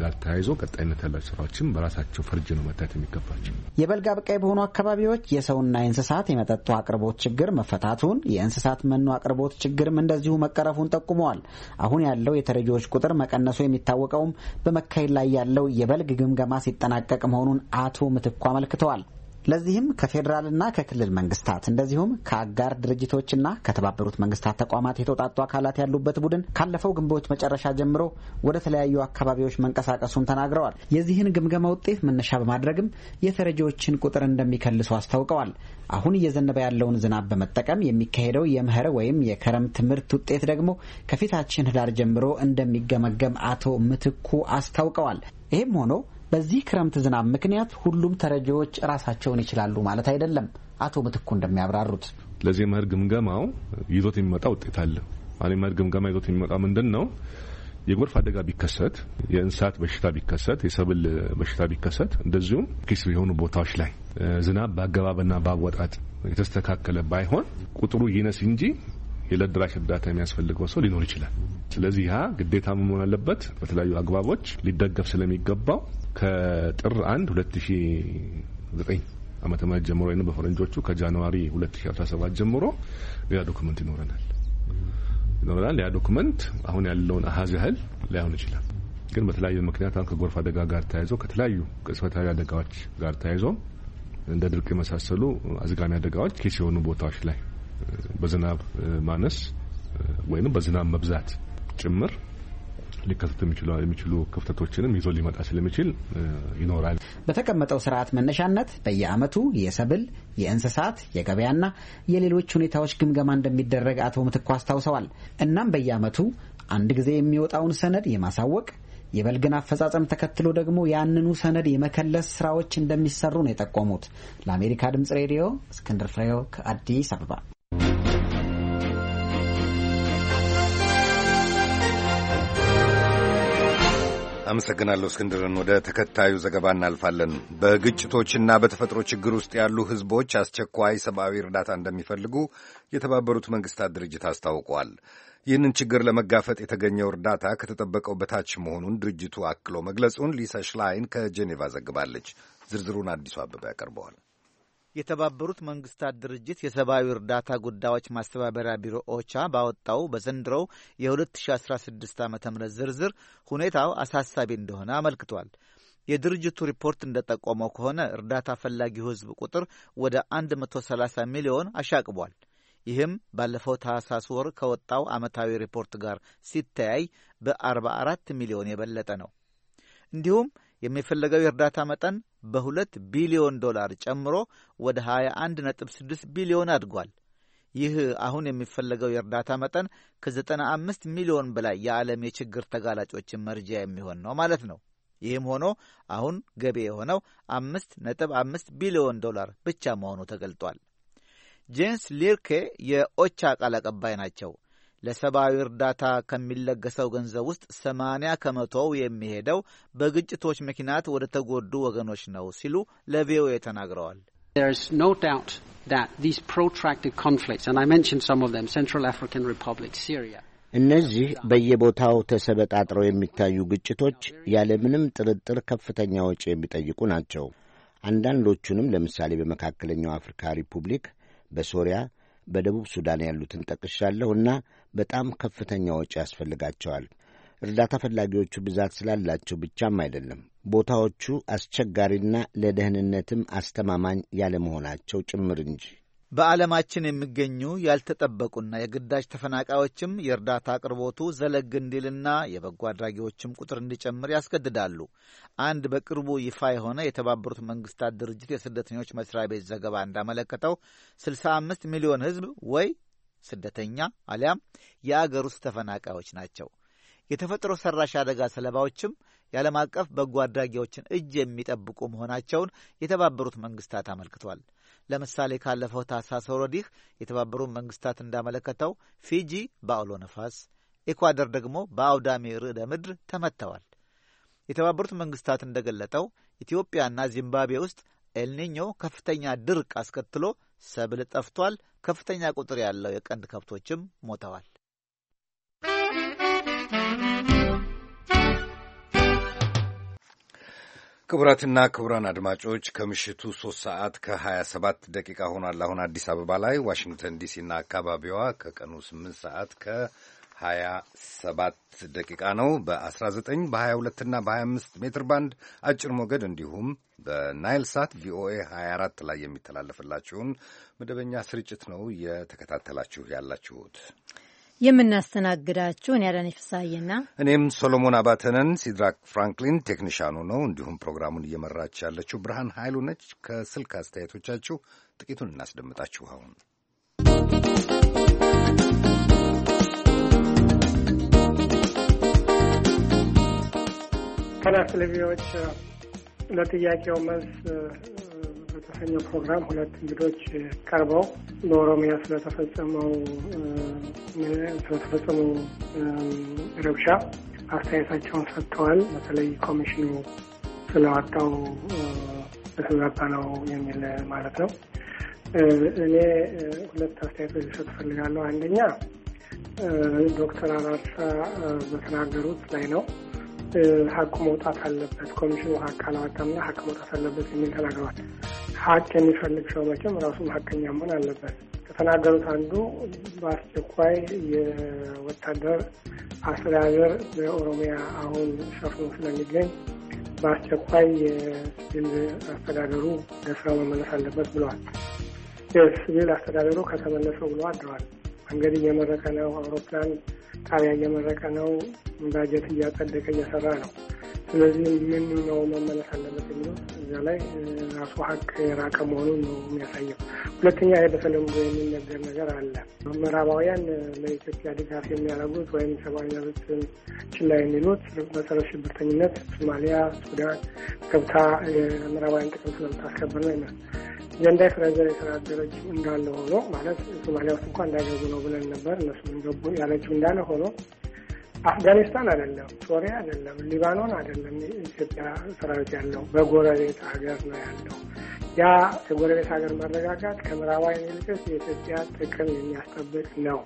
ጋር ተያይዞ ቀጣይነት ያላቸው ስራዎችም በራሳቸው ፈርጅ ነው መታየት የሚገባቸው። የበልግ አብቃይ በሆኑ አካባቢዎች የሰውና የእንስሳት የመጠጡ አቅርቦት ችግር መፈታቱን፣ የእንስሳት መኖ አቅርቦት ችግርም እንደዚሁ መቀረፉን ጠቁመዋል። አሁን ያለው የተረጂዎች ቁጥር መቀነሱ የሚታወቀውም በመካሄድ ላይ ያለው የበልግ ግምገማ ሲጠናቀቅ መሆኑን አቶ ምትኩ አመልክተዋል። ለዚህም ከፌዴራልና ከክልል መንግስታት እንደዚሁም ከአጋር ድርጅቶችና ከተባበሩት መንግስታት ተቋማት የተውጣጡ አካላት ያሉበት ቡድን ካለፈው ግንቦት መጨረሻ ጀምሮ ወደ ተለያዩ አካባቢዎች መንቀሳቀሱን ተናግረዋል። የዚህን ግምገማ ውጤት መነሻ በማድረግም የተረጂዎችን ቁጥር እንደሚከልሱ አስታውቀዋል። አሁን እየዘነበ ያለውን ዝናብ በመጠቀም የሚካሄደው የምህር ወይም የከረምት ምርት ውጤት ደግሞ ከፊታችን ህዳር ጀምሮ እንደሚገመገም አቶ ምትኩ አስታውቀዋል። ይህም ሆኖ በዚህ ክረምት ዝናብ ምክንያት ሁሉም ተረጂዎች ራሳቸውን ይችላሉ ማለት አይደለም። አቶ ምትኩ እንደሚያብራሩት ለዚህ መኸር ግምገማው ይዞት የሚመጣ ውጤት አለ። መኸር ግምገማ ይዞት የሚመጣ ምንድን ነው? የጎርፍ አደጋ ቢከሰት፣ የእንስሳት በሽታ ቢከሰት፣ የሰብል በሽታ ቢከሰት፣ እንደዚሁም ኪስ የሆኑ ቦታዎች ላይ ዝናብ በአገባብና በአወጣጥ የተስተካከለ ባይሆን ቁጥሩ ይነስ እንጂ የዕለት ደራሽ እርዳታ የሚያስፈልገው ሰው ሊኖር ይችላል። ስለዚህ ያ ግዴታ መሆን አለበት። በተለያዩ አግባቦች ሊደገፍ ስለሚገባው ከጥር 1 2009 ዓመተ ምህረት ጀምሮ ወይም በፈረንጆቹ ከጃንዋሪ 2017 ጀምሮ ያ ዶክመንት ይኖረናል ይኖረናል። ያ ዶክመንት አሁን ያለውን አሀዝ ያህል ላይሆን ይችላል። ግን በተለያዩ ምክንያት አሁን ከጎርፍ አደጋ ጋር ተያይዞ ከተለያዩ ቅጽበታዊ አደጋዎች ጋር ተያይዞ እንደ ድርቅ የመሳሰሉ አዝጋሚ አደጋዎች ኬስ የሆኑ ቦታዎች ላይ በዝናብ ማነስ ወይም በዝናብ መብዛት ጭምር ሊከሰቱ የሚችሉ ክፍተቶችንም ይዞ ሊመጣ ስለሚችል ይኖራል። በተቀመጠው ስርዓት መነሻነት በየአመቱ የሰብል የእንስሳት የገበያና የሌሎች ሁኔታዎች ግምገማ እንደሚደረግ አቶ ምትኩ አስታውሰዋል። እናም በየአመቱ አንድ ጊዜ የሚወጣውን ሰነድ የማሳወቅ የበልግን አፈጻጸም ተከትሎ ደግሞ ያንኑ ሰነድ የመከለስ ስራዎች እንደሚሰሩ ነው የጠቆሙት። ለአሜሪካ ድምጽ ሬዲዮ እስክንድር ፍሬው ከአዲስ አበባ አመሰግናለሁ እስክንድርን። ወደ ተከታዩ ዘገባ እናልፋለን። በግጭቶችና በተፈጥሮ ችግር ውስጥ ያሉ ሕዝቦች አስቸኳይ ሰብአዊ እርዳታ እንደሚፈልጉ የተባበሩት መንግስታት ድርጅት አስታውቋል። ይህንን ችግር ለመጋፈጥ የተገኘው እርዳታ ከተጠበቀው በታች መሆኑን ድርጅቱ አክሎ መግለጹን ሊሳ ሽላይን ከጄኔቫ ዘግባለች። ዝርዝሩን አዲሱ አበባ ያቀርበዋል። የተባበሩት መንግስታት ድርጅት የሰብአዊ እርዳታ ጉዳዮች ማስተባበሪያ ቢሮ ኦቻ ባወጣው በዘንድሮው የ2016 ዓ ም ዝርዝር ሁኔታው አሳሳቢ እንደሆነ አመልክቷል። የድርጅቱ ሪፖርት እንደጠቆመው ከሆነ እርዳታ ፈላጊው ህዝብ ቁጥር ወደ 130 ሚሊዮን አሻቅቧል። ይህም ባለፈው ታህሳስ ወር ከወጣው ዓመታዊ ሪፖርት ጋር ሲተያይ በ44 ሚሊዮን የበለጠ ነው። እንዲሁም የሚፈለገው የእርዳታ መጠን በሁለት ቢሊዮን ዶላር ጨምሮ ወደ 21.6 ቢሊዮን አድጓል። ይህ አሁን የሚፈለገው የእርዳታ መጠን ከ95 ሚሊዮን በላይ የዓለም የችግር ተጋላጮችን መርጃ የሚሆን ነው ማለት ነው። ይህም ሆኖ አሁን ገቢ የሆነው 5.5 ነጥብ ቢሊዮን ዶላር ብቻ መሆኑ ተገልጧል። ጄንስ ሊርኬ የኦቻ ቃል አቀባይ ናቸው። ለሰብአዊ እርዳታ ከሚለገሰው ገንዘብ ውስጥ ሰማንያ ከመቶው የሚሄደው በግጭቶች ምክንያት ወደ ተጎዱ ወገኖች ነው ሲሉ ለቪኦኤ ተናግረዋል። እነዚህ በየቦታው ተሰበጣጥረው የሚታዩ ግጭቶች ያለምንም ጥርጥር ከፍተኛ ወጪ የሚጠይቁ ናቸው። አንዳንዶቹንም ለምሳሌ በመካከለኛው አፍሪካ ሪፑብሊክ፣ በሶሪያ፣ በደቡብ ሱዳን ያሉትን ጠቅሻለሁ እና በጣም ከፍተኛ ወጪ ያስፈልጋቸዋል። እርዳታ ፈላጊዎቹ ብዛት ስላላቸው ብቻም አይደለም፣ ቦታዎቹ አስቸጋሪና ለደህንነትም አስተማማኝ ያለመሆናቸው ጭምር እንጂ። በዓለማችን የሚገኙ ያልተጠበቁና የግዳጅ ተፈናቃዮችም የእርዳታ አቅርቦቱ ዘለግ እንዲልና የበጎ አድራጊዎችም ቁጥር እንዲጨምር ያስገድዳሉ። አንድ በቅርቡ ይፋ የሆነ የተባበሩት መንግስታት ድርጅት የስደተኞች መስሪያ ቤት ዘገባ እንዳመለከተው 65 ሚሊዮን ሕዝብ ወይ ስደተኛ አሊያም የአገር ውስጥ ተፈናቃዮች ናቸው። የተፈጥሮ ሰራሽ አደጋ ሰለባዎችም የዓለም አቀፍ በጎ አድራጊዎችን እጅ የሚጠብቁ መሆናቸውን የተባበሩት መንግስታት አመልክቷል። ለምሳሌ ካለፈው ታህሳስ ወዲህ የተባበሩት መንግስታት እንዳመለከተው ፊጂ በአውሎ ነፋስ፣ ኤኳዶር ደግሞ በአውዳሚ ርዕደ ምድር ተመትተዋል። የተባበሩት መንግስታት እንደገለጠው ኢትዮጵያና ዚምባብዌ ውስጥ ኤልኒኞ ከፍተኛ ድርቅ አስከትሎ ሰብል ጠፍቷል። ከፍተኛ ቁጥር ያለው የቀንድ ከብቶችም ሞተዋል። ክቡራትና ክቡራን አድማጮች ከምሽቱ ሶስት ሰዓት ከሀያ ሰባት ደቂቃ ሆኗል። አሁን አዲስ አበባ ላይ፣ ዋሽንግተን ዲሲና አካባቢዋ ከቀኑ ስምንት ሰዓት ከ 27 ደቂቃ ነው። በ19 በ22 እና በ25 ሜትር ባንድ አጭር ሞገድ እንዲሁም በናይል ሳት ቪኦኤ 24 ላይ የሚተላለፍላችሁን መደበኛ ስርጭት ነው እየተከታተላችሁ ያላችሁት። የምናስተናግዳችሁ እኔ አዳነች ፍስሐዬና እኔም ሶሎሞን አባተነን። ሲድራክ ፍራንክሊን ቴክኒሻኑ ነው። እንዲሁም ፕሮግራሙን እየመራች ያለችው ብርሃን ኃይሉ ነች። ከስልክ አስተያየቶቻችሁ ጥቂቱን እናስደምጣችሁ አሁን ከናስለቪዎች ለጥያቄው መልስ በተሰኘው ፕሮግራም ሁለት እንግዶች ቀርበው በኦሮሚያ ስለተፈጸመው ስለተፈጸመው ረብሻ አስተያየታቸውን ሰጥተዋል። በተለይ ኮሚሽኑ ስለዋጣው በተዛባ ነው የሚል ማለት ነው። እኔ ሁለት አስተያየቶች ልሰጥ እፈልጋለሁ። አንደኛ ዶክተር አራርሳ በተናገሩት ላይ ነው ሀቁ መውጣት አለበት። ኮሚሽኑ ሀቅ አላወጣምና ሀቅ መውጣት አለበት የሚል ተናግረዋል። ሀቅ የሚፈልግ ሰው መቼም ራሱም ሀቀኛ መሆን አለበት። ከተናገሩት አንዱ በአስቸኳይ የወታደር አስተዳደር በኦሮሚያ አሁን ሸፍኖ ስለሚገኝ በአስቸኳይ የሲቪል አስተዳደሩ ለስራው መመለስ አለበት ብለዋል። የሲቪል አስተዳደሩ ከተመለሰው ብሎ አድረዋል። መንገድ እየመረቀ ነው። አውሮፕላን ጣቢያ እየመረቀ ነው፣ ባጀት እያጸደቀ እየሰራ ነው። ስለዚህ ምን ነው መመለስ አለበት እዛ ላይ ራሱ ሀቅ የራቀ መሆኑን ነው የሚያሳየው። ሁለተኛ ይህ በተለምዶ የሚነገር ነገር አለ። ምዕራባውያን ለኢትዮጵያ ድጋፍ የሚያደርጉት ወይም ሰብአዊ መብትን ችላ የሚሉት በጸረ ሽብርተኝነት ሶማሊያ፣ ሱዳን ገብታ የምዕራባውያን ጥቅም ስለምታስከብር ነው ይመስል ጀንዳ ፈረንዘር የተናገረች እንዳለ ሆኖ ማለት ሶማሊያ ውስጥ እንኳ እንዳይገቡ ነው ብለን ነበር እነሱ ገቡ ያለችው እንዳለ ሆኖ አፍጋኒስታን አይደለም፣ ሶሪያ አይደለም፣ ሊባኖን አይደለም። ኢትዮጵያ ሰራዊት ያለው በጎረቤት ሀገር ነው ያለው። ያ የጎረቤት ሀገር መረጋጋት ከምዕራባዊ ይልቅስ የኢትዮጵያ ጥቅም የሚያስጠብቅ ነው።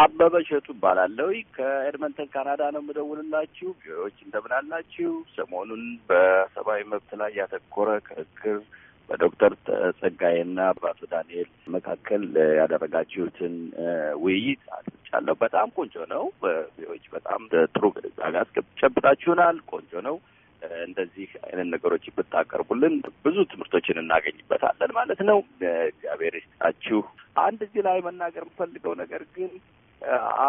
አበበ ሸቱ እባላለሁ። ከኤድመንተን ካናዳ ነው የምደውልላችሁ። ቪዎች እንደምን አላችሁ? ሰሞኑን በሰብአዊ መብት ላይ ያተኮረ ክርክር በዶክተር ጸጋዬና በአቶ ዳንኤል መካከል ያደረጋችሁትን ውይይት አድርጫለሁ። በጣም ቆንጆ ነው። ዎች በጣም ጥሩ ግንዛቤ አስጨብጣችሁናል። ቆንጆ ነው። እንደዚህ አይነት ነገሮች ብታቀርቡልን ብዙ ትምህርቶችን እናገኝበታለን ማለት ነው። እግዚአብሔር ይስጣችሁ። አንድ እዚህ ላይ መናገር የምፈልገው ነገር ግን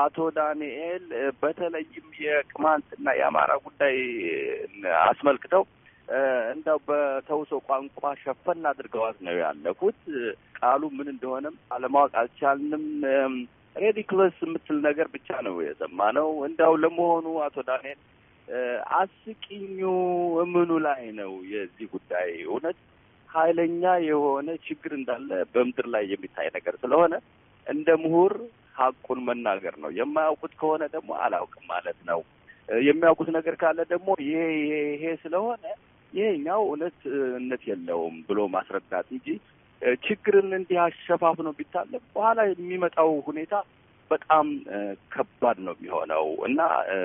አቶ ዳንኤል በተለይም የቅማንትና የአማራ ጉዳይ አስመልክተው እንደው በተውሶ ቋንቋ ሸፈን አድርገዋት ነው ያለፉት። ቃሉ ምን እንደሆነም አለማወቅ አልቻልንም። ሬዲክለስ የምትል ነገር ብቻ ነው የሰማነው። እንደው ለመሆኑ አቶ ዳንኤል አስቂኙ እምኑ ላይ ነው? የዚህ ጉዳይ እውነት ኃይለኛ የሆነ ችግር እንዳለ በምድር ላይ የሚታይ ነገር ስለሆነ እንደ ምሁር ሀቁን መናገር ነው። የማያውቁት ከሆነ ደግሞ አላውቅም ማለት ነው። የሚያውቁት ነገር ካለ ደግሞ ይሄ ይሄ ይሄ ስለሆነ ይሄኛው እውነትነት የለውም ብሎ ማስረዳት እንጂ ችግርን እንዲህ አሸፋፍኖ ቢታለም በኋላ የሚመጣው ሁኔታ በጣም ከባድ ነው የሚሆነው እና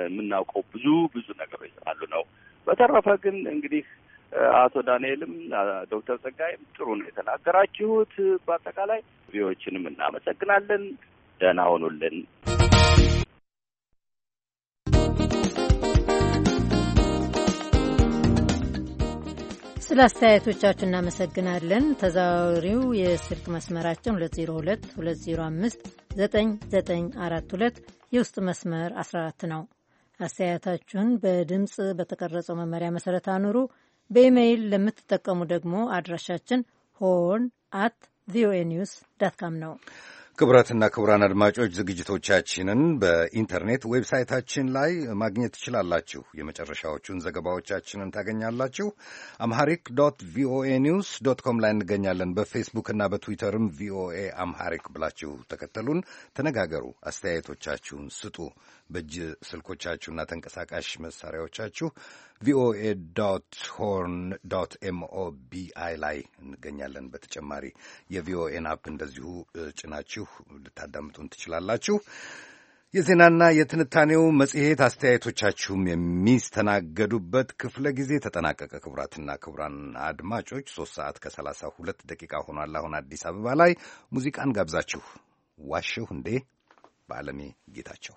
የምናውቀው ብዙ ብዙ ነገሮች አሉ ነው። በተረፈ ግን እንግዲህ አቶ ዳንኤልም ዶክተር ጸጋይም ጥሩ ነው የተናገራችሁት። በአጠቃላይ ቪዎችንም እናመሰግናለን። ደህና ሆኑልን። ስለ አስተያየቶቻችሁ እናመሰግናለን። ተዘዋዋሪው የስልክ መስመራችን 2022059942 የውስጥ መስመር 14 ነው። አስተያየታችሁን በድምፅ በተቀረጸው መመሪያ መሰረት አኑሩ። በኢሜይል ለምትጠቀሙ ደግሞ አድራሻችን ሆን አት ቪኦኤ ኒውስ ዳት ካም ነው። ክቡራትና ክቡራን አድማጮች ዝግጅቶቻችንን በኢንተርኔት ዌብሳይታችን ላይ ማግኘት ትችላላችሁ። የመጨረሻዎቹን ዘገባዎቻችንን ታገኛላችሁ። አምሃሪክ ዶት ቪኦኤ ኒውስ ዶት ኮም ላይ እንገኛለን። በፌስቡክና በትዊተርም ቪኦኤ አምሃሪክ ብላችሁ ተከተሉን፣ ተነጋገሩ፣ አስተያየቶቻችሁን ስጡ። በእጅ ስልኮቻችሁና ተንቀሳቃሽ መሳሪያዎቻችሁ ቪኦኤ ዶት ሆርን ዶት ኤምኦቢአይ ላይ እንገኛለን። በተጨማሪ የቪኦኤን አፕ እንደዚሁ ጭናችሁ ልታዳምጡን ትችላላችሁ። የዜናና የትንታኔው መጽሔት አስተያየቶቻችሁም የሚስተናገዱበት ክፍለ ጊዜ ተጠናቀቀ። ክቡራትና ክቡራን አድማጮች ሶስት ሰዓት ከሰላሳ ሁለት ደቂቃ ሆኗል። አሁን አዲስ አበባ ላይ ሙዚቃን ጋብዛችሁ ዋሸሁ እንዴ በዓለሜ ጌታቸው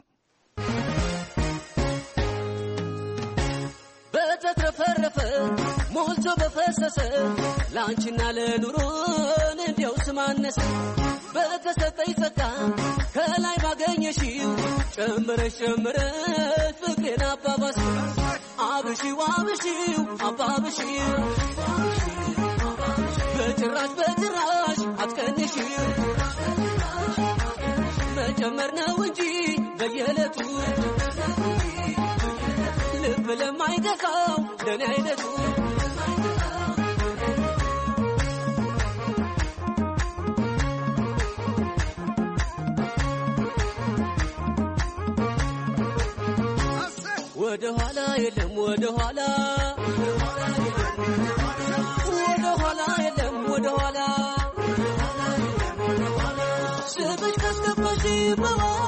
ዘፈን ሞልቶ በፈሰሰ ለአንቺና ለኑሮን እንዲያው ስማነሰ በተሰጠኝ ፈታ ከላይ ባገኘሽው ጨምረሽ ጨምረሽ ፍቅሬን አባባስ አብሺው አብሺው አባብሺው በጭራሽ በጭራሽ አትቀንሽው መጨመር ነው እንጂ በየዕለቱ ብለማይገፋው ለኔ አይነቱ ወደ ኋላ የለም ወደ ኋላ ወደ ኋላ የለም ወደ ኋላ ስምሽ ካስገባሽ በኋላ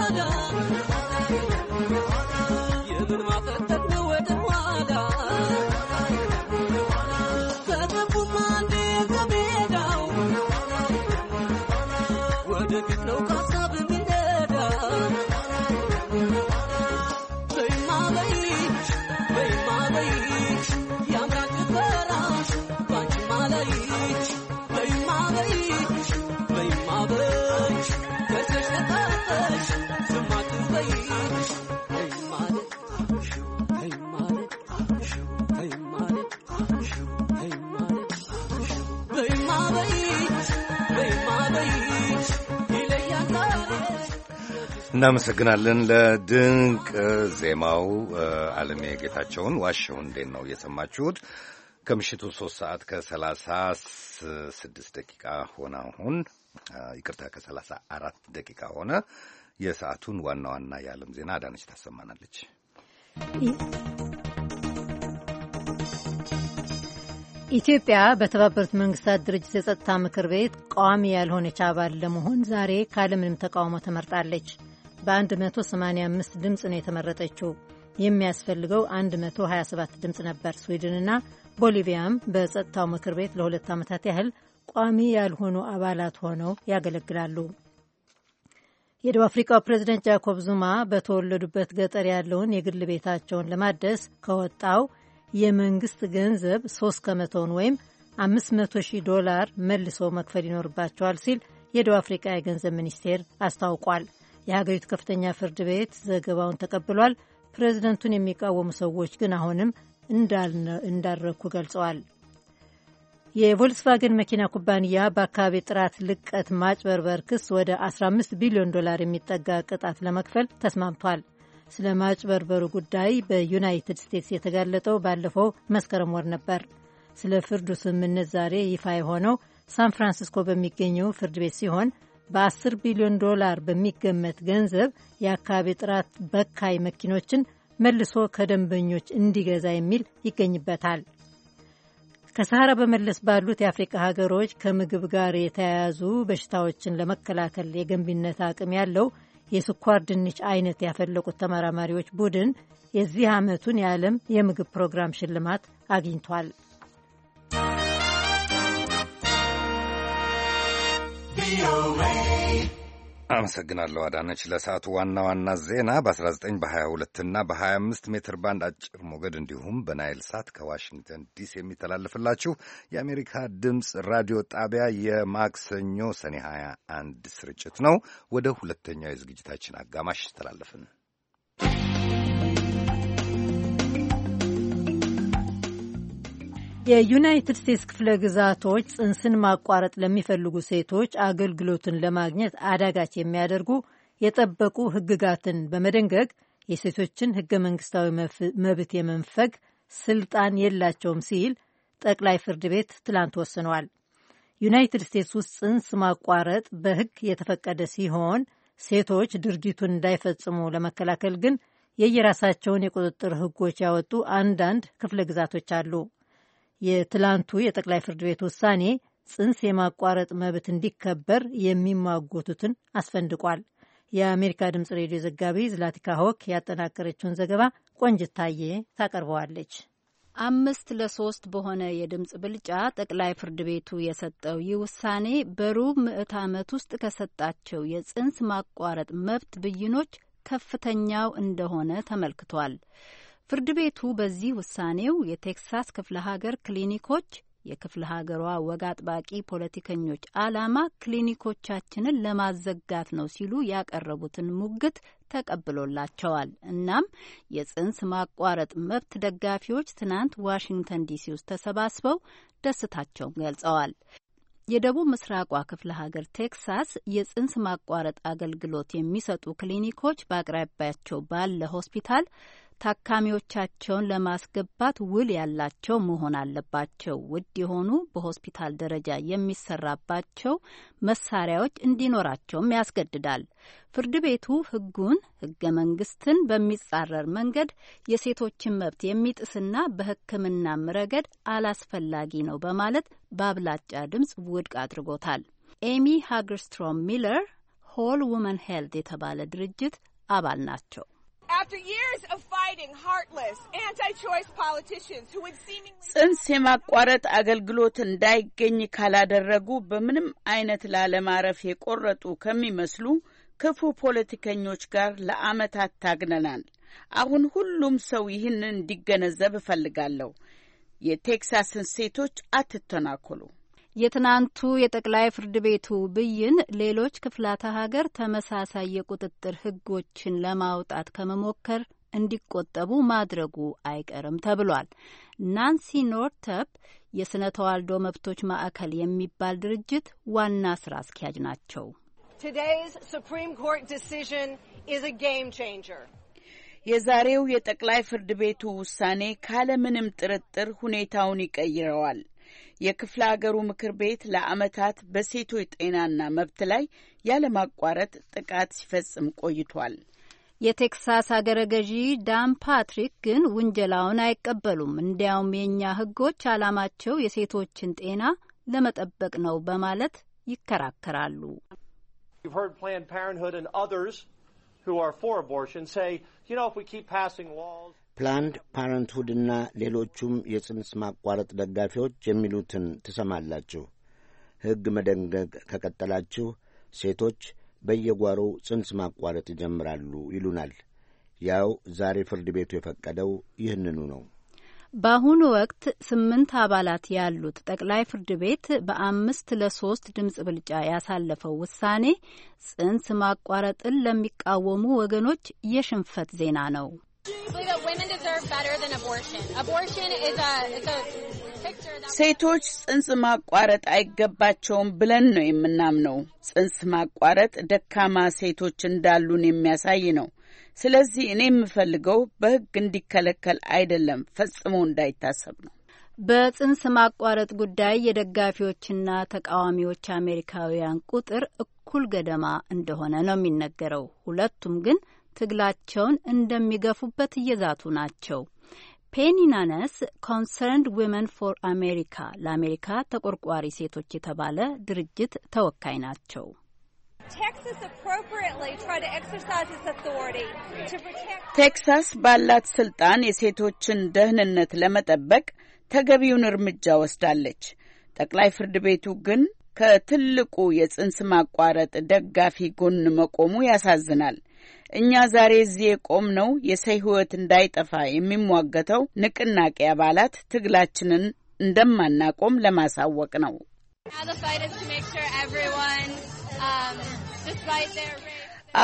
እናመሰግናለን ለድንቅ ዜማው አለሜ ጌታቸውን ዋሸው እንዴት ነው የሰማችሁት። ከምሽቱ ሶስት ሰዓት ከሰላሳ ስድስት ደቂቃ ሆነ። አሁን ይቅርታ ከሰላሳ አራት ደቂቃ ሆነ። የሰዓቱን ዋና ዋና የዓለም ዜና አዳነች ታሰማናለች። ኢትዮጵያ በተባበሩት መንግስታት ድርጅት የጸጥታ ምክር ቤት ቋሚ ያልሆነች አባል ለመሆን ዛሬ ካለምንም ተቃውሞ ተመርጣለች። በ185 ድምፅ ነው የተመረጠችው። የሚያስፈልገው 127 ድምፅ ነበር። ስዊድንና ቦሊቪያም በጸጥታው ምክር ቤት ለሁለት ዓመታት ያህል ቋሚ ያልሆኑ አባላት ሆነው ያገለግላሉ። የደቡብ አፍሪካው ፕሬዚደንት ጃኮብ ዙማ በተወለዱበት ገጠር ያለውን የግል ቤታቸውን ለማደስ ከወጣው የመንግስት ገንዘብ 3 ከመቶውን ወይም 500 ሺህ ዶላር መልሶ መክፈል ይኖርባቸዋል ሲል የደቡብ አፍሪካ የገንዘብ ሚኒስቴር አስታውቋል። የሀገሪቱ ከፍተኛ ፍርድ ቤት ዘገባውን ተቀብሏል። ፕሬዝደንቱን የሚቃወሙ ሰዎች ግን አሁንም እንዳረኩ ገልጸዋል። የቮልክስቫገን መኪና ኩባንያ በአካባቢ ጥራት ልቀት ማጭበርበር ክስ ወደ 15 ቢሊዮን ዶላር የሚጠጋ ቅጣት ለመክፈል ተስማምቷል። ስለ ማጭበርበሩ ጉዳይ በዩናይትድ ስቴትስ የተጋለጠው ባለፈው መስከረም ወር ነበር። ስለ ፍርዱ ስምምነት ዛሬ ይፋ የሆነው ሳን ፍራንሲስኮ በሚገኘው ፍርድ ቤት ሲሆን በ10 ቢሊዮን ዶላር በሚገመት ገንዘብ የአካባቢ ጥራት በካይ መኪኖችን መልሶ ከደንበኞች እንዲገዛ የሚል ይገኝበታል። ከሰሃራ በመለስ ባሉት የአፍሪካ ሀገሮች ከምግብ ጋር የተያያዙ በሽታዎችን ለመከላከል የገንቢነት አቅም ያለው የስኳር ድንች አይነት ያፈለቁት ተመራማሪዎች ቡድን የዚህ ዓመቱን የዓለም የምግብ ፕሮግራም ሽልማት አግኝቷል። አመሰግናለሁ አዳነች። ለሰዓቱ ዋና ዋና ዜና በ19 በ22 እና በ25 ሜትር ባንድ አጭር ሞገድ እንዲሁም በናይል ሳት ከዋሽንግተን ዲሲ የሚተላለፍላችሁ የአሜሪካ ድምፅ ራዲዮ ጣቢያ የማክሰኞ ሰኔ 21 ስርጭት ነው። ወደ ሁለተኛው የዝግጅታችን አጋማሽ ተላለፍን። የዩናይትድ ስቴትስ ክፍለ ግዛቶች ጽንስን ማቋረጥ ለሚፈልጉ ሴቶች አገልግሎትን ለማግኘት አዳጋች የሚያደርጉ የጠበቁ ሕግጋትን በመደንገግ የሴቶችን ሕገ መንግስታዊ መብት የመንፈግ ስልጣን የላቸውም ሲል ጠቅላይ ፍርድ ቤት ትላንት ወስኗል። ዩናይትድ ስቴትስ ውስጥ ጽንስ ማቋረጥ በሕግ የተፈቀደ ሲሆን ሴቶች ድርጊቱን እንዳይፈጽሙ ለመከላከል ግን የየራሳቸውን የቁጥጥር ሕጎች ያወጡ አንዳንድ ክፍለ ግዛቶች አሉ። የትላንቱ የጠቅላይ ፍርድ ቤት ውሳኔ ጽንስ የማቋረጥ መብት እንዲከበር የሚሟጎቱትን አስፈንድቋል። የአሜሪካ ድምፅ ሬዲዮ ዘጋቢ ዝላቲካ ሆክ ያጠናቀረችውን ዘገባ ቆንጅታዬ ታቀርበዋለች። አምስት ለሶስት በሆነ የድምፅ ብልጫ ጠቅላይ ፍርድ ቤቱ የሰጠው ይህ ውሳኔ በሩብ ምዕት ዓመት ውስጥ ከሰጣቸው የጽንስ ማቋረጥ መብት ብይኖች ከፍተኛው እንደሆነ ተመልክቷል። ፍርድ ቤቱ በዚህ ውሳኔው የቴክሳስ ክፍለ ሀገር ክሊኒኮች የክፍለ ሀገሯ ወግ አጥባቂ ፖለቲከኞች ዓላማ ክሊኒኮቻችንን ለማዘጋት ነው ሲሉ ያቀረቡትን ሙግት ተቀብሎላቸዋል። እናም የጽንስ ማቋረጥ መብት ደጋፊዎች ትናንት ዋሽንግተን ዲሲ ውስጥ ተሰባስበው ደስታቸውን ገልጸዋል። የደቡብ ምስራቋ ክፍለ ሀገር ቴክሳስ የጽንስ ማቋረጥ አገልግሎት የሚሰጡ ክሊኒኮች በአቅራቢያቸው ባለ ሆስፒታል ታካሚዎቻቸውን ለማስገባት ውል ያላቸው መሆን አለባቸው። ውድ የሆኑ በሆስፒታል ደረጃ የሚሰራባቸው መሳሪያዎች እንዲኖራቸውም ያስገድዳል። ፍርድ ቤቱ ሕጉን ሕገ መንግስትን በሚጻረር መንገድ የሴቶችን መብት የሚጥስና በሕክምናም ረገድ አላስፈላጊ ነው በማለት በአብላጫ ድምፅ ውድቅ አድርጎታል። ኤሚ ሃግርስትሮም ሚለር ሆል ውመን ሄልት የተባለ ድርጅት አባል ናቸው። ጽንስ የማቋረጥ አገልግሎት እንዳይገኝ ካላደረጉ በምንም አይነት ላለማረፍ የቆረጡ ከሚመስሉ ክፉ ፖለቲከኞች ጋር ለአመታት ታግነናል አሁን ሁሉም ሰው ይህንን እንዲገነዘብ እፈልጋለሁ። የቴክሳስን ሴቶች አትተናኮሉ። የትናንቱ የጠቅላይ ፍርድ ቤቱ ብይን ሌሎች ክፍላተ ሀገር ተመሳሳይ የቁጥጥር ህጎችን ለማውጣት ከመሞከር እንዲቆጠቡ ማድረጉ አይቀርም ተብሏል። ናንሲ ኖርተፕ የስነ ተዋልዶ መብቶች ማዕከል የሚባል ድርጅት ዋና ስራ አስኪያጅ ናቸው። የዛሬው የጠቅላይ ፍርድ ቤቱ ውሳኔ ካለምንም ጥርጥር ሁኔታውን ይቀይረዋል። የክፍለ አገሩ ምክር ቤት ለዓመታት በሴቶች ጤናና መብት ላይ ያለማቋረጥ ጥቃት ሲፈጽም ቆይቷል። የቴክሳስ አገረ ገዢ ዳን ፓትሪክ ግን ውንጀላውን አይቀበሉም። እንዲያውም የእኛ ህጎች ዓላማቸው የሴቶችን ጤና ለመጠበቅ ነው በማለት ይከራከራሉ። ፕላንድ ፓረንትሁድ እና ሌሎቹም የጽንስ ማቋረጥ ደጋፊዎች የሚሉትን ትሰማላችሁ። ሕግ መደንገግ ከቀጠላችሁ ሴቶች በየጓሮው ጽንስ ማቋረጥ ይጀምራሉ ይሉናል። ያው ዛሬ ፍርድ ቤቱ የፈቀደው ይህንኑ ነው። በአሁኑ ወቅት ስምንት አባላት ያሉት ጠቅላይ ፍርድ ቤት በአምስት ለሶስት ድምፅ ብልጫ ያሳለፈው ውሳኔ ጽንስ ማቋረጥን ለሚቃወሙ ወገኖች የሽንፈት ዜና ነው። ሴቶች ጽንስ ማቋረጥ አይገባቸውም ብለን ነው የምናምነው። ጽንስ ማቋረጥ ደካማ ሴቶች እንዳሉን የሚያሳይ ነው። ስለዚህ እኔ የምፈልገው በሕግ እንዲከለከል አይደለም፣ ፈጽሞ እንዳይታሰብ ነው። በጽንስ ማቋረጥ ጉዳይ የደጋፊዎችና ተቃዋሚዎች አሜሪካውያን ቁጥር እኩል ገደማ እንደሆነ ነው የሚነገረው። ሁለቱም ግን ትግላቸውን እንደሚገፉበት እየዛቱ ናቸው። ፔኒናነስ ኮንሰርንድ ዊመን ፎር አሜሪካ ለአሜሪካ ተቆርቋሪ ሴቶች የተባለ ድርጅት ተወካይ ናቸው። ቴክሳስ ባላት ስልጣን የሴቶችን ደህንነት ለመጠበቅ ተገቢውን እርምጃ ወስዳለች። ጠቅላይ ፍርድ ቤቱ ግን ከትልቁ የጽንስ ማቋረጥ ደጋፊ ጎን መቆሙ ያሳዝናል። እኛ ዛሬ እዚህ የቆምነው የሰው ሕይወት እንዳይጠፋ የሚሟገተው ንቅናቄ አባላት ትግላችንን እንደማናቆም ለማሳወቅ ነው።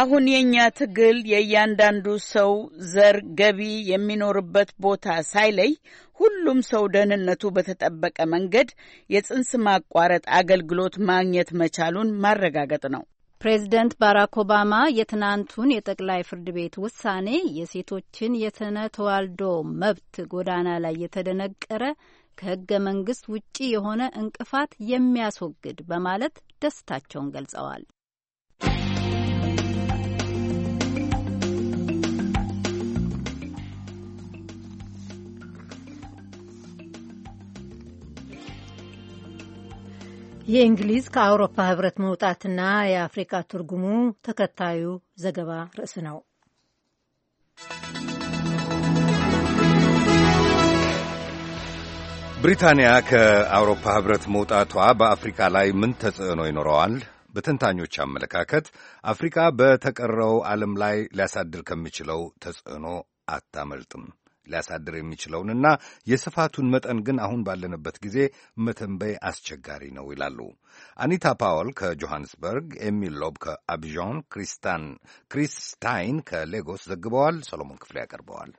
አሁን የእኛ ትግል የእያንዳንዱ ሰው ዘር፣ ገቢ የሚኖርበት ቦታ ሳይለይ ሁሉም ሰው ደህንነቱ በተጠበቀ መንገድ የጽንስ ማቋረጥ አገልግሎት ማግኘት መቻሉን ማረጋገጥ ነው። ፕሬዝደንት ባራክ ኦባማ የትናንቱን የጠቅላይ ፍርድ ቤት ውሳኔ የሴቶችን የስነ ተዋልዶ መብት ጎዳና ላይ የተደነቀረ ከህገ መንግስት ውጪ የሆነ እንቅፋት የሚያስወግድ በማለት ደስታቸውን ገልጸዋል። የእንግሊዝ ከአውሮፓ ህብረት መውጣትና የአፍሪካ ትርጉሙ ተከታዩ ዘገባ ርዕስ ነው። ብሪታንያ ከአውሮፓ ህብረት መውጣቷ በአፍሪካ ላይ ምን ተጽዕኖ ይኖረዋል? በተንታኞች አመለካከት አፍሪካ በተቀረው ዓለም ላይ ሊያሳድር ከሚችለው ተጽዕኖ አታመልጥም። ሊያሳድር የሚችለውንና የስፋቱን መጠን ግን አሁን ባለንበት ጊዜ መተንበይ አስቸጋሪ ነው ይላሉ። አኒታ ፓወል ከጆሃንስበርግ፣ ኤሚል ሎብ ከአብዣን፣ ክሪስታን ክሪስታይን ከሌጎስ ዘግበዋል። ሰሎሞን ክፍሌ ያቀርበዋል።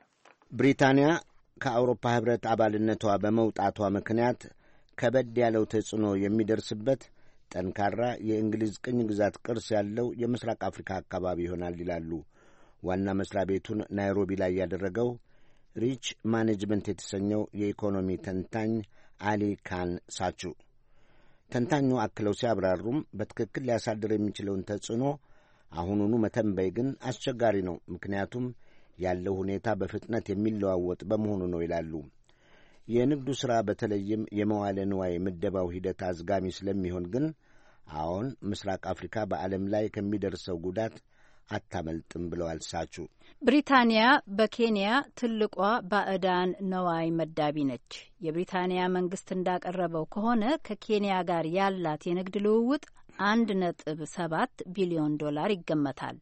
ብሪታንያ ከአውሮፓ ህብረት አባልነቷ በመውጣቷ ምክንያት ከበድ ያለው ተጽዕኖ የሚደርስበት ጠንካራ የእንግሊዝ ቅኝ ግዛት ቅርስ ያለው የምስራቅ አፍሪካ አካባቢ ይሆናል ይላሉ ዋና መስሪያ ቤቱን ናይሮቢ ላይ ያደረገው ሪች ማኔጅመንት የተሰኘው የኢኮኖሚ ተንታኝ አሊ ካን ሳቹ። ተንታኙ አክለው ሲያብራሩም በትክክል ሊያሳድር የሚችለውን ተጽዕኖ አሁኑኑ መተንበይ ግን አስቸጋሪ ነው፣ ምክንያቱም ያለው ሁኔታ በፍጥነት የሚለዋወጥ በመሆኑ ነው ይላሉ። የንግዱ ሥራ በተለይም የመዋለ ንዋይ ምደባው ሂደት አዝጋሚ ስለሚሆን ግን አሁን ምስራቅ አፍሪካ በዓለም ላይ ከሚደርሰው ጉዳት አታመልጥም ብለዋል ሳቹ። ብሪታንያ በኬንያ ትልቋ ባዕዳን ነዋይ መዳቢ ነች። የብሪታንያ መንግስት እንዳቀረበው ከሆነ ከኬንያ ጋር ያላት የንግድ ልውውጥ አንድ ነጥብ ሰባት ቢሊዮን ዶላር ይገመታል።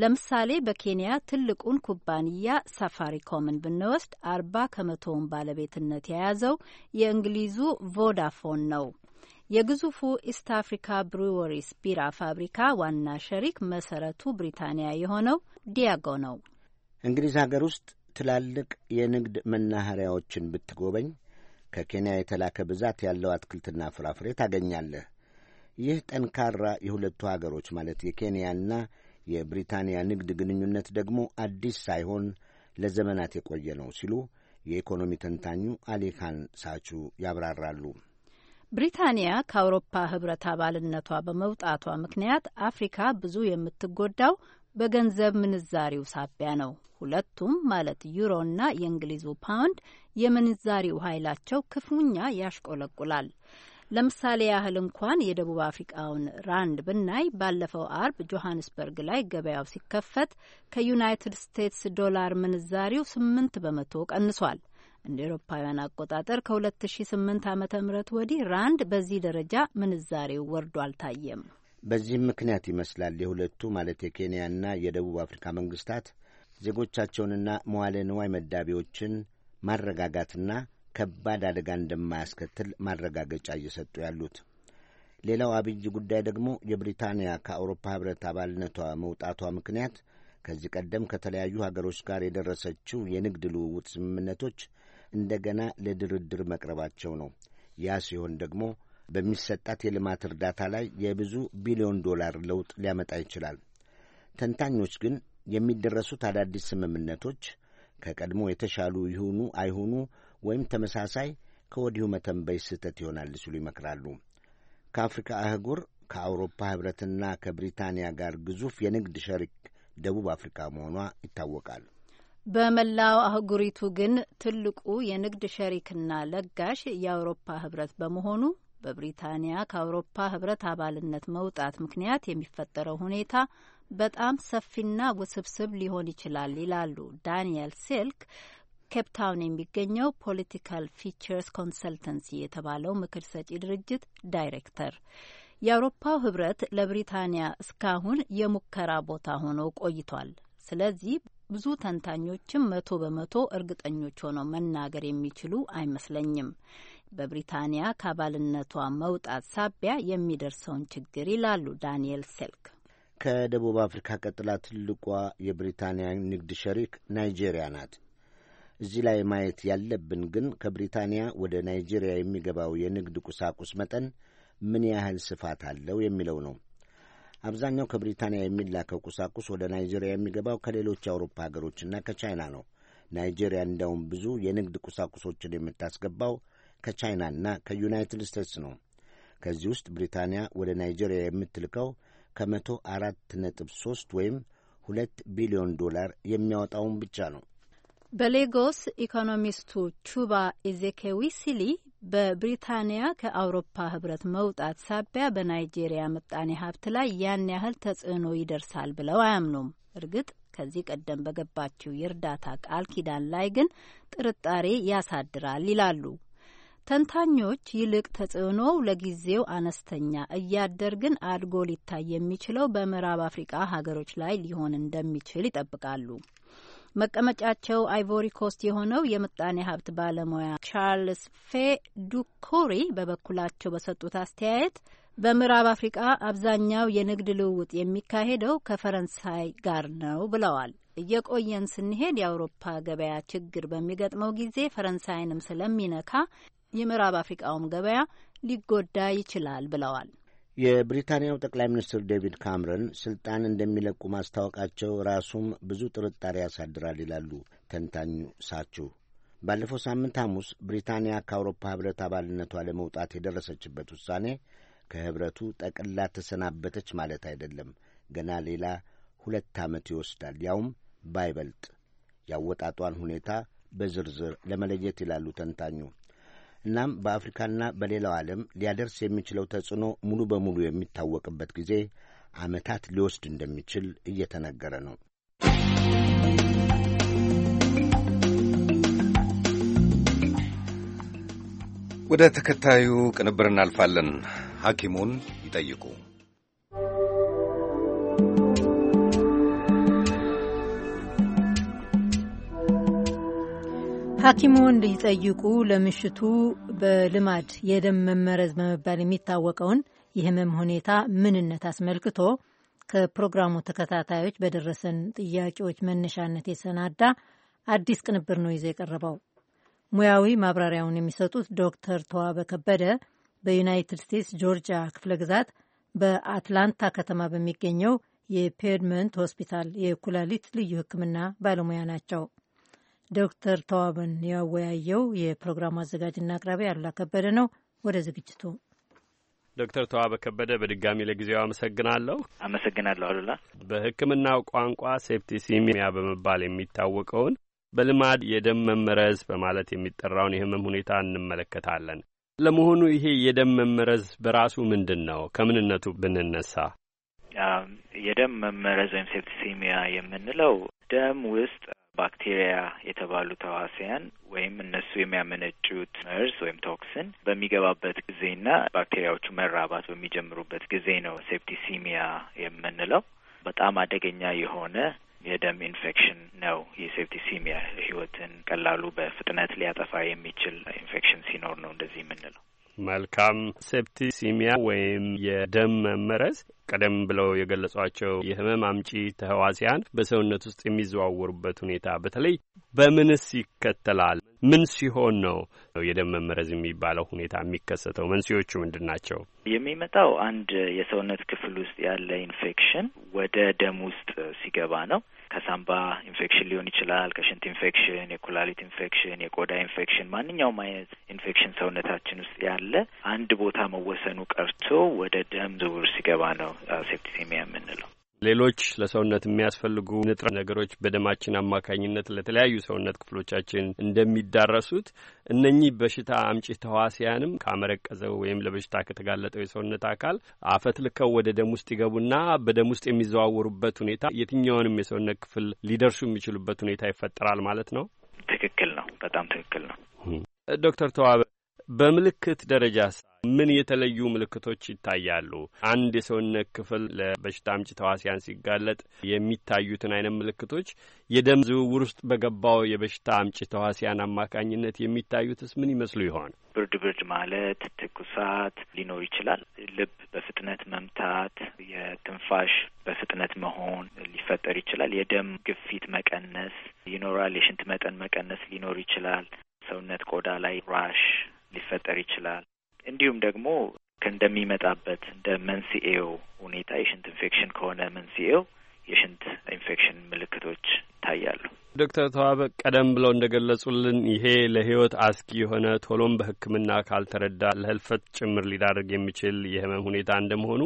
ለምሳሌ በኬንያ ትልቁን ኩባንያ ሳፋሪኮምን ብንወስድ አርባ ከመቶውን ባለቤትነት የያዘው የእንግሊዙ ቮዳፎን ነው። የግዙፉ ኢስት አፍሪካ ብሩወሪስ ቢራ ፋብሪካ ዋና ሸሪክ መሰረቱ ብሪታንያ የሆነው ዲያጎ ነው። እንግሊዝ ሀገር ውስጥ ትላልቅ የንግድ መናኸሪያዎችን ብትጎበኝ ከኬንያ የተላከ ብዛት ያለው አትክልትና ፍራፍሬ ታገኛለህ። ይህ ጠንካራ የሁለቱ ሀገሮች ማለት የኬንያና የብሪታንያ ንግድ ግንኙነት ደግሞ አዲስ ሳይሆን ለዘመናት የቆየ ነው ሲሉ የኢኮኖሚ ተንታኙ አሊካን ሳቹ ያብራራሉ። ብሪታንያ ከአውሮፓ ህብረት አባልነቷ በመውጣቷ ምክንያት አፍሪካ ብዙ የምትጎዳው በገንዘብ ምንዛሪው ሳቢያ ነው። ሁለቱም ማለት ዩሮ እና የእንግሊዙ ፓውንድ የምንዛሪው ኃይላቸው ክፉኛ ያሽቆለቁላል። ለምሳሌ ያህል እንኳን የደቡብ አፍሪቃውን ራንድ ብናይ ባለፈው አርብ ጆሃንስበርግ ላይ ገበያው ሲከፈት ከዩናይትድ ስቴትስ ዶላር ምንዛሪው ስምንት በመቶ ቀንሷል። እንደ ኤሮፓውያን አቆጣጠር ከ2008 ዓ ም ወዲህ ራንድ በዚህ ደረጃ ምንዛሬው ወርዶ አልታየም። በዚህም ምክንያት ይመስላል የሁለቱ ማለት የኬንያና የደቡብ አፍሪካ መንግስታት ዜጎቻቸውንና መዋለ ንዋይ መዳቢዎችን ማረጋጋትና ከባድ አደጋ እንደማያስከትል ማረጋገጫ እየሰጡ ያሉት። ሌላው አብይ ጉዳይ ደግሞ የብሪታንያ ከአውሮፓ ህብረት አባልነቷ መውጣቷ ምክንያት ከዚህ ቀደም ከተለያዩ ሀገሮች ጋር የደረሰችው የንግድ ልውውጥ ስምምነቶች እንደገና ለድርድር መቅረባቸው ነው። ያ ሲሆን ደግሞ በሚሰጣት የልማት እርዳታ ላይ የብዙ ቢሊዮን ዶላር ለውጥ ሊያመጣ ይችላል። ተንታኞች ግን የሚደረሱት አዳዲስ ስምምነቶች ከቀድሞ የተሻሉ ይሁኑ አይሁኑ ወይም ተመሳሳይ ከወዲሁ መተንበይ ስህተት ይሆናል ሲሉ ይመክራሉ። ከአፍሪካ አህጉር ከአውሮፓ ህብረትና ከብሪታንያ ጋር ግዙፍ የንግድ ሸሪክ ደቡብ አፍሪካ መሆኗ ይታወቃል። በመላው አህጉሪቱ ግን ትልቁ የንግድ ሸሪክና ለጋሽ የአውሮፓ ህብረት በመሆኑ በብሪታንያ ከአውሮፓ ህብረት አባልነት መውጣት ምክንያት የሚፈጠረው ሁኔታ በጣም ሰፊና ውስብስብ ሊሆን ይችላል ይላሉ ዳንኤል ሲልክ ኬፕታውን የሚገኘው ፖለቲካል ፊቸርስ ኮንሰልተንሲ የተባለው ምክር ሰጪ ድርጅት ዳይሬክተር። የአውሮፓው ህብረት ለብሪታንያ እስካሁን የሙከራ ቦታ ሆኖ ቆይቷል። ስለዚህ ብዙ ተንታኞችም መቶ በመቶ እርግጠኞች ሆነው መናገር የሚችሉ አይመስለኝም። በብሪታንያ ከአባልነቷ መውጣት ሳቢያ የሚደርሰውን ችግር ይላሉ ዳንኤል ሴልክ። ከደቡብ አፍሪካ ቀጥላ ትልቋ የብሪታንያ ንግድ ሸሪክ ናይጄሪያ ናት። እዚህ ላይ ማየት ያለብን ግን ከብሪታንያ ወደ ናይጄሪያ የሚገባው የንግድ ቁሳቁስ መጠን ምን ያህል ስፋት አለው የሚለው ነው። አብዛኛው ከብሪታንያ የሚላከው ቁሳቁስ ወደ ናይጄሪያ የሚገባው ከሌሎች የአውሮፓ ሀገሮችና ከቻይና ነው። ናይጄሪያ እንዲያውም ብዙ የንግድ ቁሳቁሶችን የምታስገባው ከቻይናና ከዩናይትድ ስቴትስ ነው። ከዚህ ውስጥ ብሪታንያ ወደ ናይጄሪያ የምትልከው ከመቶ አራት ነጥብ ሶስት ወይም ሁለት ቢሊዮን ዶላር የሚያወጣውን ብቻ ነው። በሌጎስ ኢኮኖሚስቱ ቹባ ኢዜኬዊ ሲሊ በብሪታንያ ከአውሮፓ ህብረት መውጣት ሳቢያ በናይጄሪያ ምጣኔ ሀብት ላይ ያን ያህል ተጽዕኖ ይደርሳል ብለው አያምኑም። እርግጥ ከዚህ ቀደም በገባችው የእርዳታ ቃል ኪዳን ላይ ግን ጥርጣሬ ያሳድራል ይላሉ ተንታኞች። ይልቅ ተጽዕኖው ለጊዜው አነስተኛ እያደር ግን አድጎ ሊታይ የሚችለው በምዕራብ አፍሪቃ ሀገሮች ላይ ሊሆን እንደሚችል ይጠብቃሉ። መቀመጫቸው አይቮሪ ኮስት የሆነው የምጣኔ ሀብት ባለሙያ ቻርልስ ፌ ዱኮሪ በበኩላቸው በሰጡት አስተያየት በምዕራብ አፍሪቃ አብዛኛው የንግድ ልውውጥ የሚካሄደው ከፈረንሳይ ጋር ነው ብለዋል። እየቆየን ስንሄድ የአውሮፓ ገበያ ችግር በሚገጥመው ጊዜ ፈረንሳይንም ስለሚነካ የምዕራብ አፍሪቃውም ገበያ ሊጎዳ ይችላል ብለዋል። የብሪታንያው ጠቅላይ ሚኒስትር ዴቪድ ካምረን ስልጣን እንደሚለቁ ማስታወቃቸው ራሱም ብዙ ጥርጣሬ ያሳድራል ይላሉ ተንታኙ ሳችሁ። ባለፈው ሳምንት ሐሙስ ብሪታንያ ከአውሮፓ ህብረት አባልነቷ ለመውጣት የደረሰችበት ውሳኔ ከህብረቱ ጠቅላ ተሰናበተች ማለት አይደለም። ገና ሌላ ሁለት ዓመት ይወስዳል፣ ያውም ባይበልጥ። ያወጣጧን ሁኔታ በዝርዝር ለመለየት ይላሉ ተንታኙ እናም በአፍሪካና በሌላው ዓለም ሊያደርስ የሚችለው ተጽዕኖ ሙሉ በሙሉ የሚታወቅበት ጊዜ ዓመታት ሊወስድ እንደሚችል እየተነገረ ነው። ወደ ተከታዩ ቅንብር እናልፋለን። ሐኪሙን ይጠይቁ ሐኪሙን ሊጠይቁ ለምሽቱ በልማድ የደም መመረዝ በመባል የሚታወቀውን የህመም ሁኔታ ምንነት አስመልክቶ ከፕሮግራሙ ተከታታዮች በደረሰን ጥያቄዎች መነሻነት የሰናዳ አዲስ ቅንብር ነው ይዞ የቀረበው። ሙያዊ ማብራሪያውን የሚሰጡት ዶክተር ተዋበ ከበደ በዩናይትድ ስቴትስ ጆርጂያ ክፍለ ግዛት በአትላንታ ከተማ በሚገኘው የፔድመንት ሆስፒታል የኩላሊት ልዩ ሕክምና ባለሙያ ናቸው። ዶክተር ተዋበን ያወያየው የፕሮግራሙ አዘጋጅና አቅራቢ አሉላ ከበደ ነው። ወደ ዝግጅቱ ዶክተር ተዋበ ከበደ በድጋሚ ለጊዜው አመሰግናለሁ። አመሰግናለሁ አሉላ። በሕክምናው ቋንቋ ሴፕቲሲሚያ በመባል የሚታወቀውን በልማድ የደም መመረዝ በማለት የሚጠራውን የህመም ሁኔታ እንመለከታለን። ለመሆኑ ይሄ የደም መመረዝ በራሱ ምንድን ነው? ከምንነቱ ብንነሳ የደም መመረዝ ወይም ሴፕቲሲሚያ የምንለው ደም ውስጥ ባክቴሪያ የተባሉት ተዋሲያን ወይም እነሱ የሚያመነጩት መርዝ ወይም ቶክስን በሚገባበት ጊዜና ባክቴሪያዎቹ መራባት በሚጀምሩበት ጊዜ ነው ሴፕቲሲሚያ የምንለው። በጣም አደገኛ የሆነ የደም ኢንፌክሽን ነው። የሴፕቲሲሚያ ህይወትን ቀላሉ በፍጥነት ሊያጠፋ የሚችል ኢንፌክሽን ሲኖር ነው እንደዚህ የምንለው። መልካም ሴፕቲሲሚያ ወይም የደም መመረዝ ቀደም ብለው የገለጿቸው የህመም አምጪ ተህዋሲያን በሰውነት ውስጥ የሚዘዋወሩበት ሁኔታ በተለይ በምንስ ይከተላል? ምን ሲሆን ነው የደም መመረዝ የሚባለው ሁኔታ የሚከሰተው? መንስኤዎቹ ምንድን ናቸው? የሚመጣው አንድ የሰውነት ክፍል ውስጥ ያለ ኢንፌክሽን ወደ ደም ውስጥ ሲገባ ነው። ከሳምባ ኢንፌክሽን ሊሆን ይችላል፣ ከሽንት ኢንፌክሽን፣ የኩላሊት ኢንፌክሽን፣ የቆዳ ኢንፌክሽን፣ ማንኛውም አይነት ኢንፌክሽን ሰውነታችን ውስጥ ያለ አንድ ቦታ መወሰኑ ቀርቶ ወደ ደም ዝውውር ሲገባ ነው ሴፕቲሴሚያ የምንለው። ሌሎች ለሰውነት የሚያስፈልጉ ንጥረ ነገሮች በደማችን አማካኝነት ለተለያዩ ሰውነት ክፍሎቻችን እንደሚዳረሱት እነኚህ በሽታ አምጪ ተዋሲያንም ካመረቀዘው ወይም ለበሽታ ከተጋለጠው የሰውነት አካል አፈት ልከው ወደ ደም ውስጥ ይገቡና በደም ውስጥ የሚዘዋወሩበት ሁኔታ የትኛውንም የሰውነት ክፍል ሊደርሱ የሚችሉበት ሁኔታ ይፈጠራል ማለት ነው። ትክክል ነው። በጣም ትክክል ነው ዶክተር ተዋበ በምልክት ደረጃ ምን የተለዩ ምልክቶች ይታያሉ? አንድ የሰውነት ክፍል ለበሽታ አምጪ ተዋሲያን ሲጋለጥ የሚታዩትን አይነት ምልክቶች የደም ዝውውር ውስጥ በገባው የበሽታ አምጪ ተዋሲያን አማካኝነት የሚታዩትስ ምን ይመስሉ ይሆን? ብርድ ብርድ ማለት፣ ትኩሳት ሊኖር ይችላል። ልብ በፍጥነት መምታት፣ የትንፋሽ በፍጥነት መሆን ሊፈጠር ይችላል። የደም ግፊት መቀነስ ይኖራል። የሽንት መጠን መቀነስ ሊኖር ይችላል። ሰውነት ቆዳ ላይ ራሽ ሊፈጠር ይችላል። እንዲሁም ደግሞ ከእንደሚመጣበት እንደ መንስኤው ሁኔታ የሽንት ኢንፌክሽን ከሆነ መንስኤው የሽንት ኢንፌክሽን ምልክቶች ይታያሉ። ዶክተር ተዋበ ቀደም ብለው እንደ ገለጹልን ይሄ ለህይወት አስጊ የሆነ ቶሎም በሕክምና ካልተረዳ ለህልፈት ጭምር ሊዳርግ የሚችል የህመም ሁኔታ እንደመሆኑ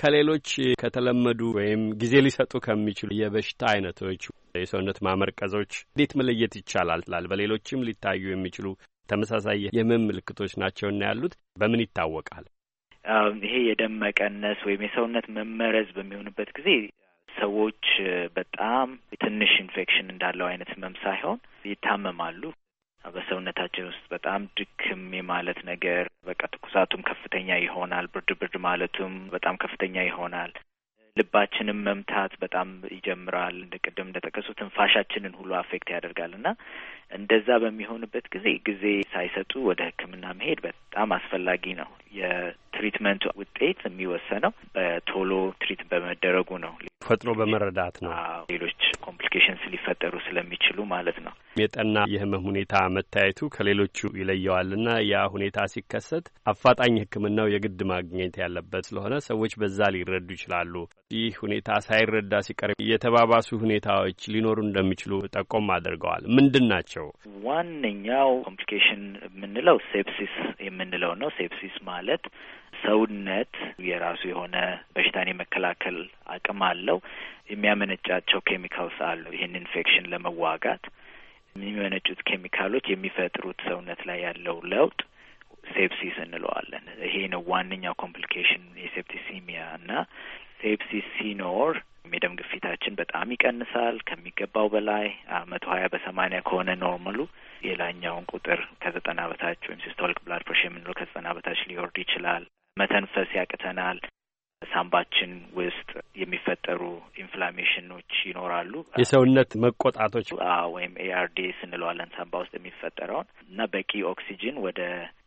ከሌሎች ከተለመዱ ወይም ጊዜ ሊሰጡ ከሚችሉ የበሽታ አይነቶች የሰውነት ማመርቀዞች እንዴት መለየት ይቻላል? ላል በሌሎችም ሊታዩ የሚችሉ ተመሳሳይ የህመም ምልክቶች ናቸውና ያሉት በምን ይታወቃል? ይሄ የደም መቀነስ ወይም የሰውነት መመረዝ በሚሆንበት ጊዜ ሰዎች በጣም ትንሽ ኢንፌክሽን እንዳለው አይነት ህመም ሳይሆን ይታመማሉ። በሰውነታችን ውስጥ በጣም ድክም የማለት ነገር፣ በቃ ትኩሳቱም ከፍተኛ ይሆናል። ብርድ ብርድ ማለቱም በጣም ከፍተኛ ይሆናል። ልባችንን መምታት በጣም ይጀምራል። እንደ ቅድም እንደ ጠቀሱት ትንፋሻችንን ሁሉ አፌክት ያደርጋል እና እንደዛ በሚሆንበት ጊዜ ጊዜ ሳይሰጡ ወደ ሕክምና መሄድ በጣም አስፈላጊ ነው። የትሪትመንቱ ውጤት የሚወሰነው በቶሎ ትሪት በመደረጉ ነው። ፈጥኖ በመረዳት ነው። ሌሎች ኮምፕሊኬሽንስ ሊፈጠሩ ስለሚችሉ ማለት ነው። የጠና የህመም ሁኔታ መታየቱ ከሌሎቹ ይለየዋልና ያ ሁኔታ ሲከሰት አፋጣኝ ሕክምናው የግድ ማግኘት ያለበት ስለሆነ ሰዎች በዛ ሊረዱ ይችላሉ። ይህ ሁኔታ ሳይረዳ ሲቀር የተባባሱ ሁኔታዎች ሊኖሩ እንደሚችሉ ጠቆም አድርገዋል። ምንድን ናቸው? ዋነኛው ኮምፕሊኬሽን የምንለው ሴፕሲስ የምንለው ነው። ሴፕሲስ ማለት ማለት ሰውነት የራሱ የሆነ በሽታን የመከላከል አቅም አለው። የሚያመነጫቸው ኬሚካልስ አሉ። ይህን ኢንፌክሽን ለመዋጋት የሚመነጩት ኬሚካሎች የሚፈጥሩት ሰውነት ላይ ያለው ለውጥ ሴፕሲስ እንለዋለን። ይሄ ነው ዋነኛው ኮምፕሊኬሽን የሴፕቲሲሚያ እና ሴፕሲስ ሲኖር የደም ግፊታችን በጣም ይቀንሳል ከሚገባው በላይ መቶ ሀያ በሰማኒያ ከሆነ ኖርማሉ የላኛውን ቁጥር ከዘጠና በታች ወይም ሲስቶሊክ ብላድ ፕሬሽር የምንለው ከዘጠና በታች ሊወርድ ይችላል። መተንፈስ ያቅተናል። ሳምባችን ውስጥ የሚፈጠሩ ኢንፍላሜሽኖች ይኖራሉ። የሰውነት መቆጣቶች ወይም ኤአርዲ ስንለዋለን ሳምባ ውስጥ የሚፈጠረውን እና በቂ ኦክሲጅን ወደ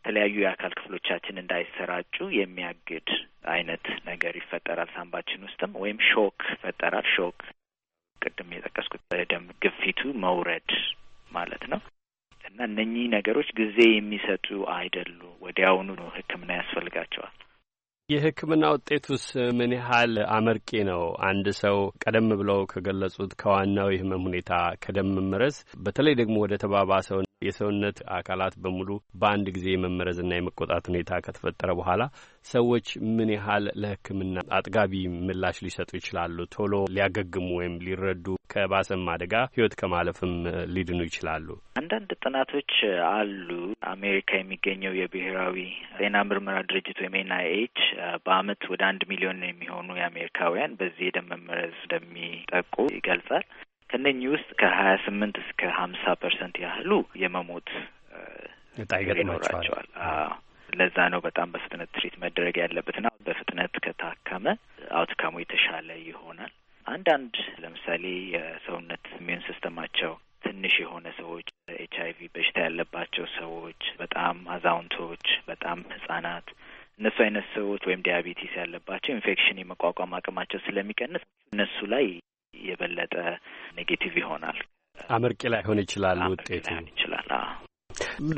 ተለያዩ የአካል ክፍሎቻችን እንዳይሰራጩ የሚያግድ አይነት ነገር ይፈጠራል። ሳምባችን ውስጥም ወይም ሾክ ይፈጠራል። ሾክ ቅድም የጠቀስኩት ደም ግፊቱ መውረድ ማለት ነው። እና እነኚህ ነገሮች ጊዜ የሚሰጡ አይደሉ፣ ወዲያውኑ ሕክምና ያስፈልጋቸዋል። የሕክምና ውጤቱስ ምን ያህል አመርቂ ነው? አንድ ሰው ቀደም ብለው ከገለጹት ከዋናው የህመም ሁኔታ ከደም መመረዝ በተለይ ደግሞ ወደ ተባባሰው የሰውነት አካላት በሙሉ በአንድ ጊዜ የመመረዝና የመቆጣት ሁኔታ ከተፈጠረ በኋላ ሰዎች ምን ያህል ለሕክምና አጥጋቢ ምላሽ ሊሰጡ ይችላሉ? ቶሎ ሊያገግሙ ወይም ሊረዱ ከባሰም አደጋ ህይወት ከማለፍም ሊድኑ ይችላሉ? አንዳንድ ጥናቶች አሉ። አሜሪካ የሚገኘው የብሔራዊ ጤና ምርመራ ድርጅት ወይም ኤንአይኤች በአመት ወደ አንድ ሚሊዮን የሚሆኑ የአሜሪካውያን በዚህ የደም መመረዝ እንደሚጠቁ ይገልጻል። ከነኚህ ውስጥ ከሀያ ስምንት እስከ ሀምሳ ፐርሰንት ያህሉ የመሞት እጣ ይኖራቸዋል። ለዛ ነው በጣም በፍጥነት ትሪት መደረግ ያለበትና በፍጥነት ከታከመ አውትካሙ የተሻለ ይሆናል። አንዳንድ ለምሳሌ የሰውነት ኢሚዩን ሲስተማቸው ትንሽ የሆነ ሰዎች፣ ኤች አይ ቪ በሽታ ያለባቸው ሰዎች፣ በጣም አዛውንቶች፣ በጣም ህጻናት እነሱ አይነት ሰዎች ወይም ዲያቤቲስ ያለባቸው ኢንፌክሽን የመቋቋም አቅማቸው ስለሚቀንስ እነሱ ላይ የበለጠ ኔጌቲቭ ይሆናል። አመርቂ ላይሆን ይችላል ውጤቱ ይችላል።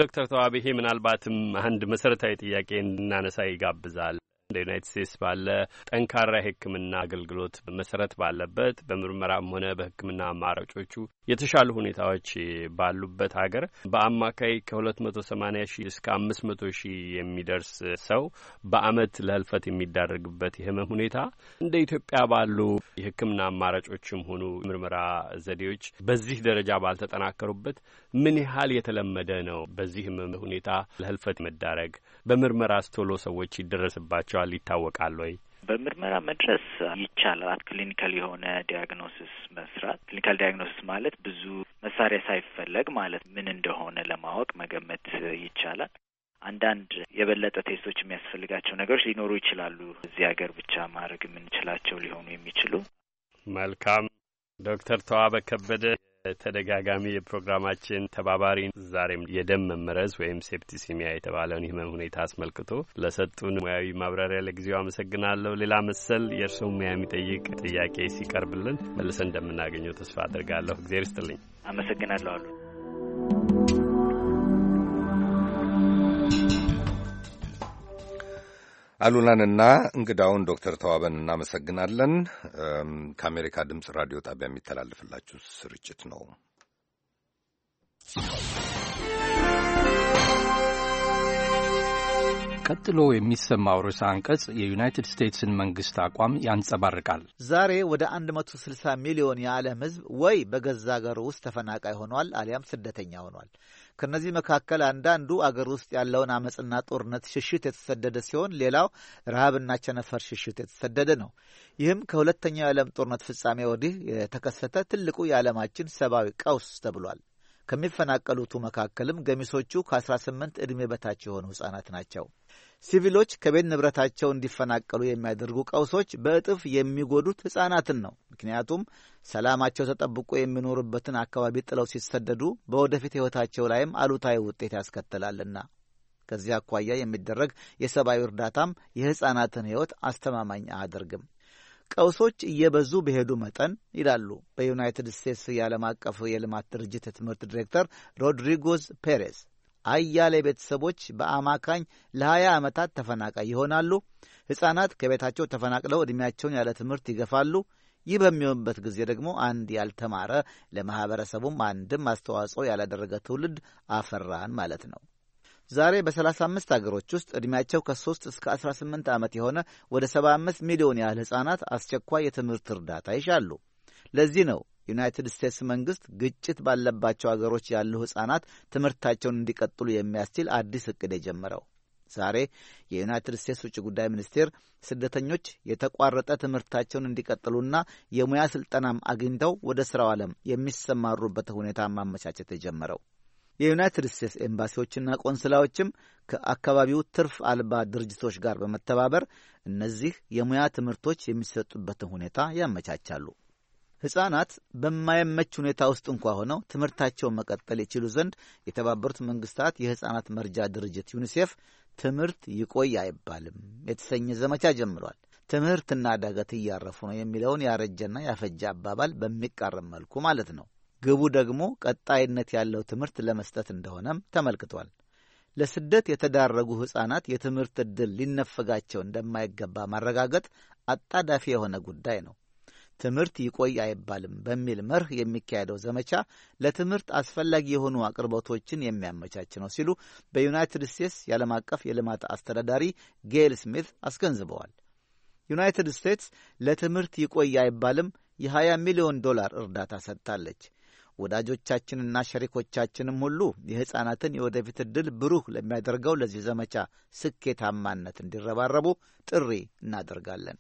ዶክተር ተዋብሄ ምናልባትም አንድ መሰረታዊ ጥያቄ እንድናነሳ ይጋብዛል። ለዩናይትድ ስቴትስ ባለ ጠንካራ የሕክምና አገልግሎት መሰረት ባለበት በምርመራም ሆነ በሕክምና አማራጮቹ የተሻሉ ሁኔታዎች ባሉበት ሀገር በአማካይ ከሁለት መቶ ሰማኒያ ሺህ እስከ አምስት መቶ ሺህ የሚደርስ ሰው በአመት ለህልፈት የሚዳረግበት የህመም ሁኔታ እንደ ኢትዮጵያ ባሉ የሕክምና አማራጮችም ሆኑ ምርመራ ዘዴዎች በዚህ ደረጃ ባልተጠናከሩበት ምን ያህል የተለመደ ነው? በዚህ ህመም ሁኔታ ለህልፈት መዳረግ በምርመራ ቶሎ ሰዎች ይደረስባቸዋል ይዟል ይታወቃል ወይ? በምርመራ መድረስ ይቻላል። ክሊኒካል የሆነ ዲያግኖሲስ መስራት። ክሊኒካል ዲያግኖሲስ ማለት ብዙ መሳሪያ ሳይፈለግ ማለት ምን እንደሆነ ለማወቅ መገመት ይቻላል። አንዳንድ የበለጠ ቴስቶች የሚያስፈልጋቸው ነገሮች ሊኖሩ ይችላሉ። እዚህ ሀገር ብቻ ማድረግ የምንችላቸው ሊሆኑ የሚችሉ መልካም ዶክተር ተዋበ ከበደ ተደጋጋሚ የፕሮግራማችን ተባባሪ ዛሬም የደም መመረዝ ወይም ሴፕቲሲሚያ የተባለውን ህመም ሁኔታ አስመልክቶ ለሰጡን ሙያዊ ማብራሪያ ለጊዜው አመሰግናለሁ። ሌላ መሰል የእርስዎ ሙያ የሚጠይቅ ጥያቄ ሲቀርብልን መልሰን እንደምናገኘው ተስፋ አድርጋለሁ። እግዜር ይስጥልኝ። አመሰግናለሁ አሉ አሉላንና እንግዳውን ዶክተር ተዋበን እናመሰግናለን። ከአሜሪካ ድምፅ ራዲዮ ጣቢያ የሚተላለፍላችሁ ስርጭት ነው። ቀጥሎ የሚሰማው ርዕሰ አንቀጽ የዩናይትድ ስቴትስን መንግስት አቋም ያንጸባርቃል። ዛሬ ወደ 160 ሚሊዮን የዓለም ህዝብ ወይ በገዛ አገሩ ውስጥ ተፈናቃይ ሆኗል አሊያም ስደተኛ ሆኗል። ከእነዚህ መካከል አንዳንዱ አገር ውስጥ ያለውን አመፅና ጦርነት ሽሽት የተሰደደ ሲሆን፣ ሌላው ረሃብና ቸነፈር ሽሽት የተሰደደ ነው። ይህም ከሁለተኛው የዓለም ጦርነት ፍጻሜ ወዲህ የተከሰተ ትልቁ የዓለማችን ሰብአዊ ቀውስ ተብሏል። ከሚፈናቀሉቱ መካከልም ገሚሶቹ ከ18 ዕድሜ በታች የሆኑ ሕፃናት ናቸው። ሲቪሎች ከቤት ንብረታቸው እንዲፈናቀሉ የሚያደርጉ ቀውሶች በእጥፍ የሚጎዱት ሕፃናትን ነው። ምክንያቱም ሰላማቸው ተጠብቆ የሚኖሩበትን አካባቢ ጥለው ሲሰደዱ በወደፊት ሕይወታቸው ላይም አሉታዊ ውጤት ያስከትላልና ከዚህ አኳያ የሚደረግ የሰብአዊ እርዳታም የሕፃናትን ሕይወት አስተማማኝ አያደርግም። ቀውሶች እየበዙ በሄዱ መጠን ይላሉ በዩናይትድ ስቴትስ የዓለም አቀፍ የልማት ድርጅት የትምህርት ዲሬክተር ሮድሪጎዝ ፔሬስ አያሌ ቤተሰቦች በአማካኝ ለሀያ ዓመታት ተፈናቃይ ይሆናሉ። ሕፃናት ከቤታቸው ተፈናቅለው ዕድሜያቸውን ያለ ትምህርት ይገፋሉ። ይህ በሚሆንበት ጊዜ ደግሞ አንድ ያልተማረ ለማኅበረሰቡም አንድም አስተዋጽኦ ያላደረገ ትውልድ አፈራን ማለት ነው። ዛሬ በ35 አገሮች ውስጥ ዕድሜያቸው ከ3 እስከ 18 ዓመት የሆነ ወደ 75 ሚሊዮን ያህል ሕፃናት አስቸኳይ የትምህርት እርዳታ ይሻሉ። ለዚህ ነው ዩናይትድ ስቴትስ መንግስት ግጭት ባለባቸው አገሮች ያሉ ሕፃናት ትምህርታቸውን እንዲቀጥሉ የሚያስችል አዲስ ዕቅድ የጀመረው ዛሬ የዩናይትድ ስቴትስ ውጭ ጉዳይ ሚኒስቴር ስደተኞች የተቋረጠ ትምህርታቸውን እንዲቀጥሉና የሙያ ሥልጠናም አግኝተው ወደ ሥራው ዓለም የሚሰማሩበት ሁኔታ ማመቻቸት የጀመረው የዩናይትድ ስቴትስ ኤምባሲዎችና ቆንስላዎችም ከአካባቢው ትርፍ አልባ ድርጅቶች ጋር በመተባበር እነዚህ የሙያ ትምህርቶች የሚሰጡበትን ሁኔታ ያመቻቻሉ። ሕፃናት በማይመች ሁኔታ ውስጥ እንኳ ሆነው ትምህርታቸውን መቀጠል ይችሉ ዘንድ የተባበሩት መንግስታት የሕፃናት መርጃ ድርጅት ዩኒሴፍ ትምህርት ይቆይ አይባልም የተሰኘ ዘመቻ ጀምሯል። ትምህርትና ዳገት እያረፉ ነው የሚለውን ያረጀና ያፈጀ አባባል በሚቃረም መልኩ ማለት ነው። ግቡ ደግሞ ቀጣይነት ያለው ትምህርት ለመስጠት እንደሆነም ተመልክቷል። ለስደት የተዳረጉ ሕፃናት የትምህርት ዕድል ሊነፈጋቸው እንደማይገባ ማረጋገጥ አጣዳፊ የሆነ ጉዳይ ነው። ትምህርት ይቆይ አይባልም በሚል መርህ የሚካሄደው ዘመቻ ለትምህርት አስፈላጊ የሆኑ አቅርቦቶችን የሚያመቻች ነው ሲሉ በዩናይትድ ስቴትስ የዓለም አቀፍ የልማት አስተዳዳሪ ጌል ስሚት አስገንዝበዋል። ዩናይትድ ስቴትስ ለትምህርት ይቆይ አይባልም የ20 ሚሊዮን ዶላር እርዳታ ሰጥታለች። ወዳጆቻችንና ሸሪኮቻችንም ሁሉ የሕፃናትን የወደፊት ዕድል ብሩህ ለሚያደርገው ለዚህ ዘመቻ ስኬታማነት እንዲረባረቡ ጥሪ እናደርጋለን።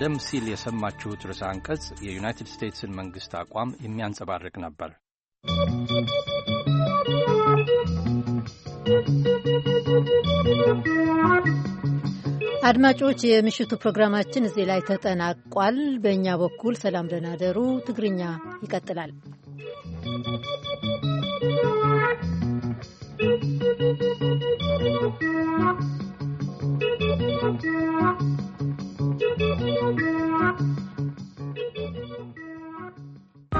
ቀደም ሲል የሰማችሁት ርዕሰ አንቀጽ የዩናይትድ ስቴትስን መንግሥት አቋም የሚያንጸባርቅ ነበር። አድማጮች፣ የምሽቱ ፕሮግራማችን እዚህ ላይ ተጠናቋል። በእኛ በኩል ሰላም ደህና ደሩ። ትግርኛ ይቀጥላል።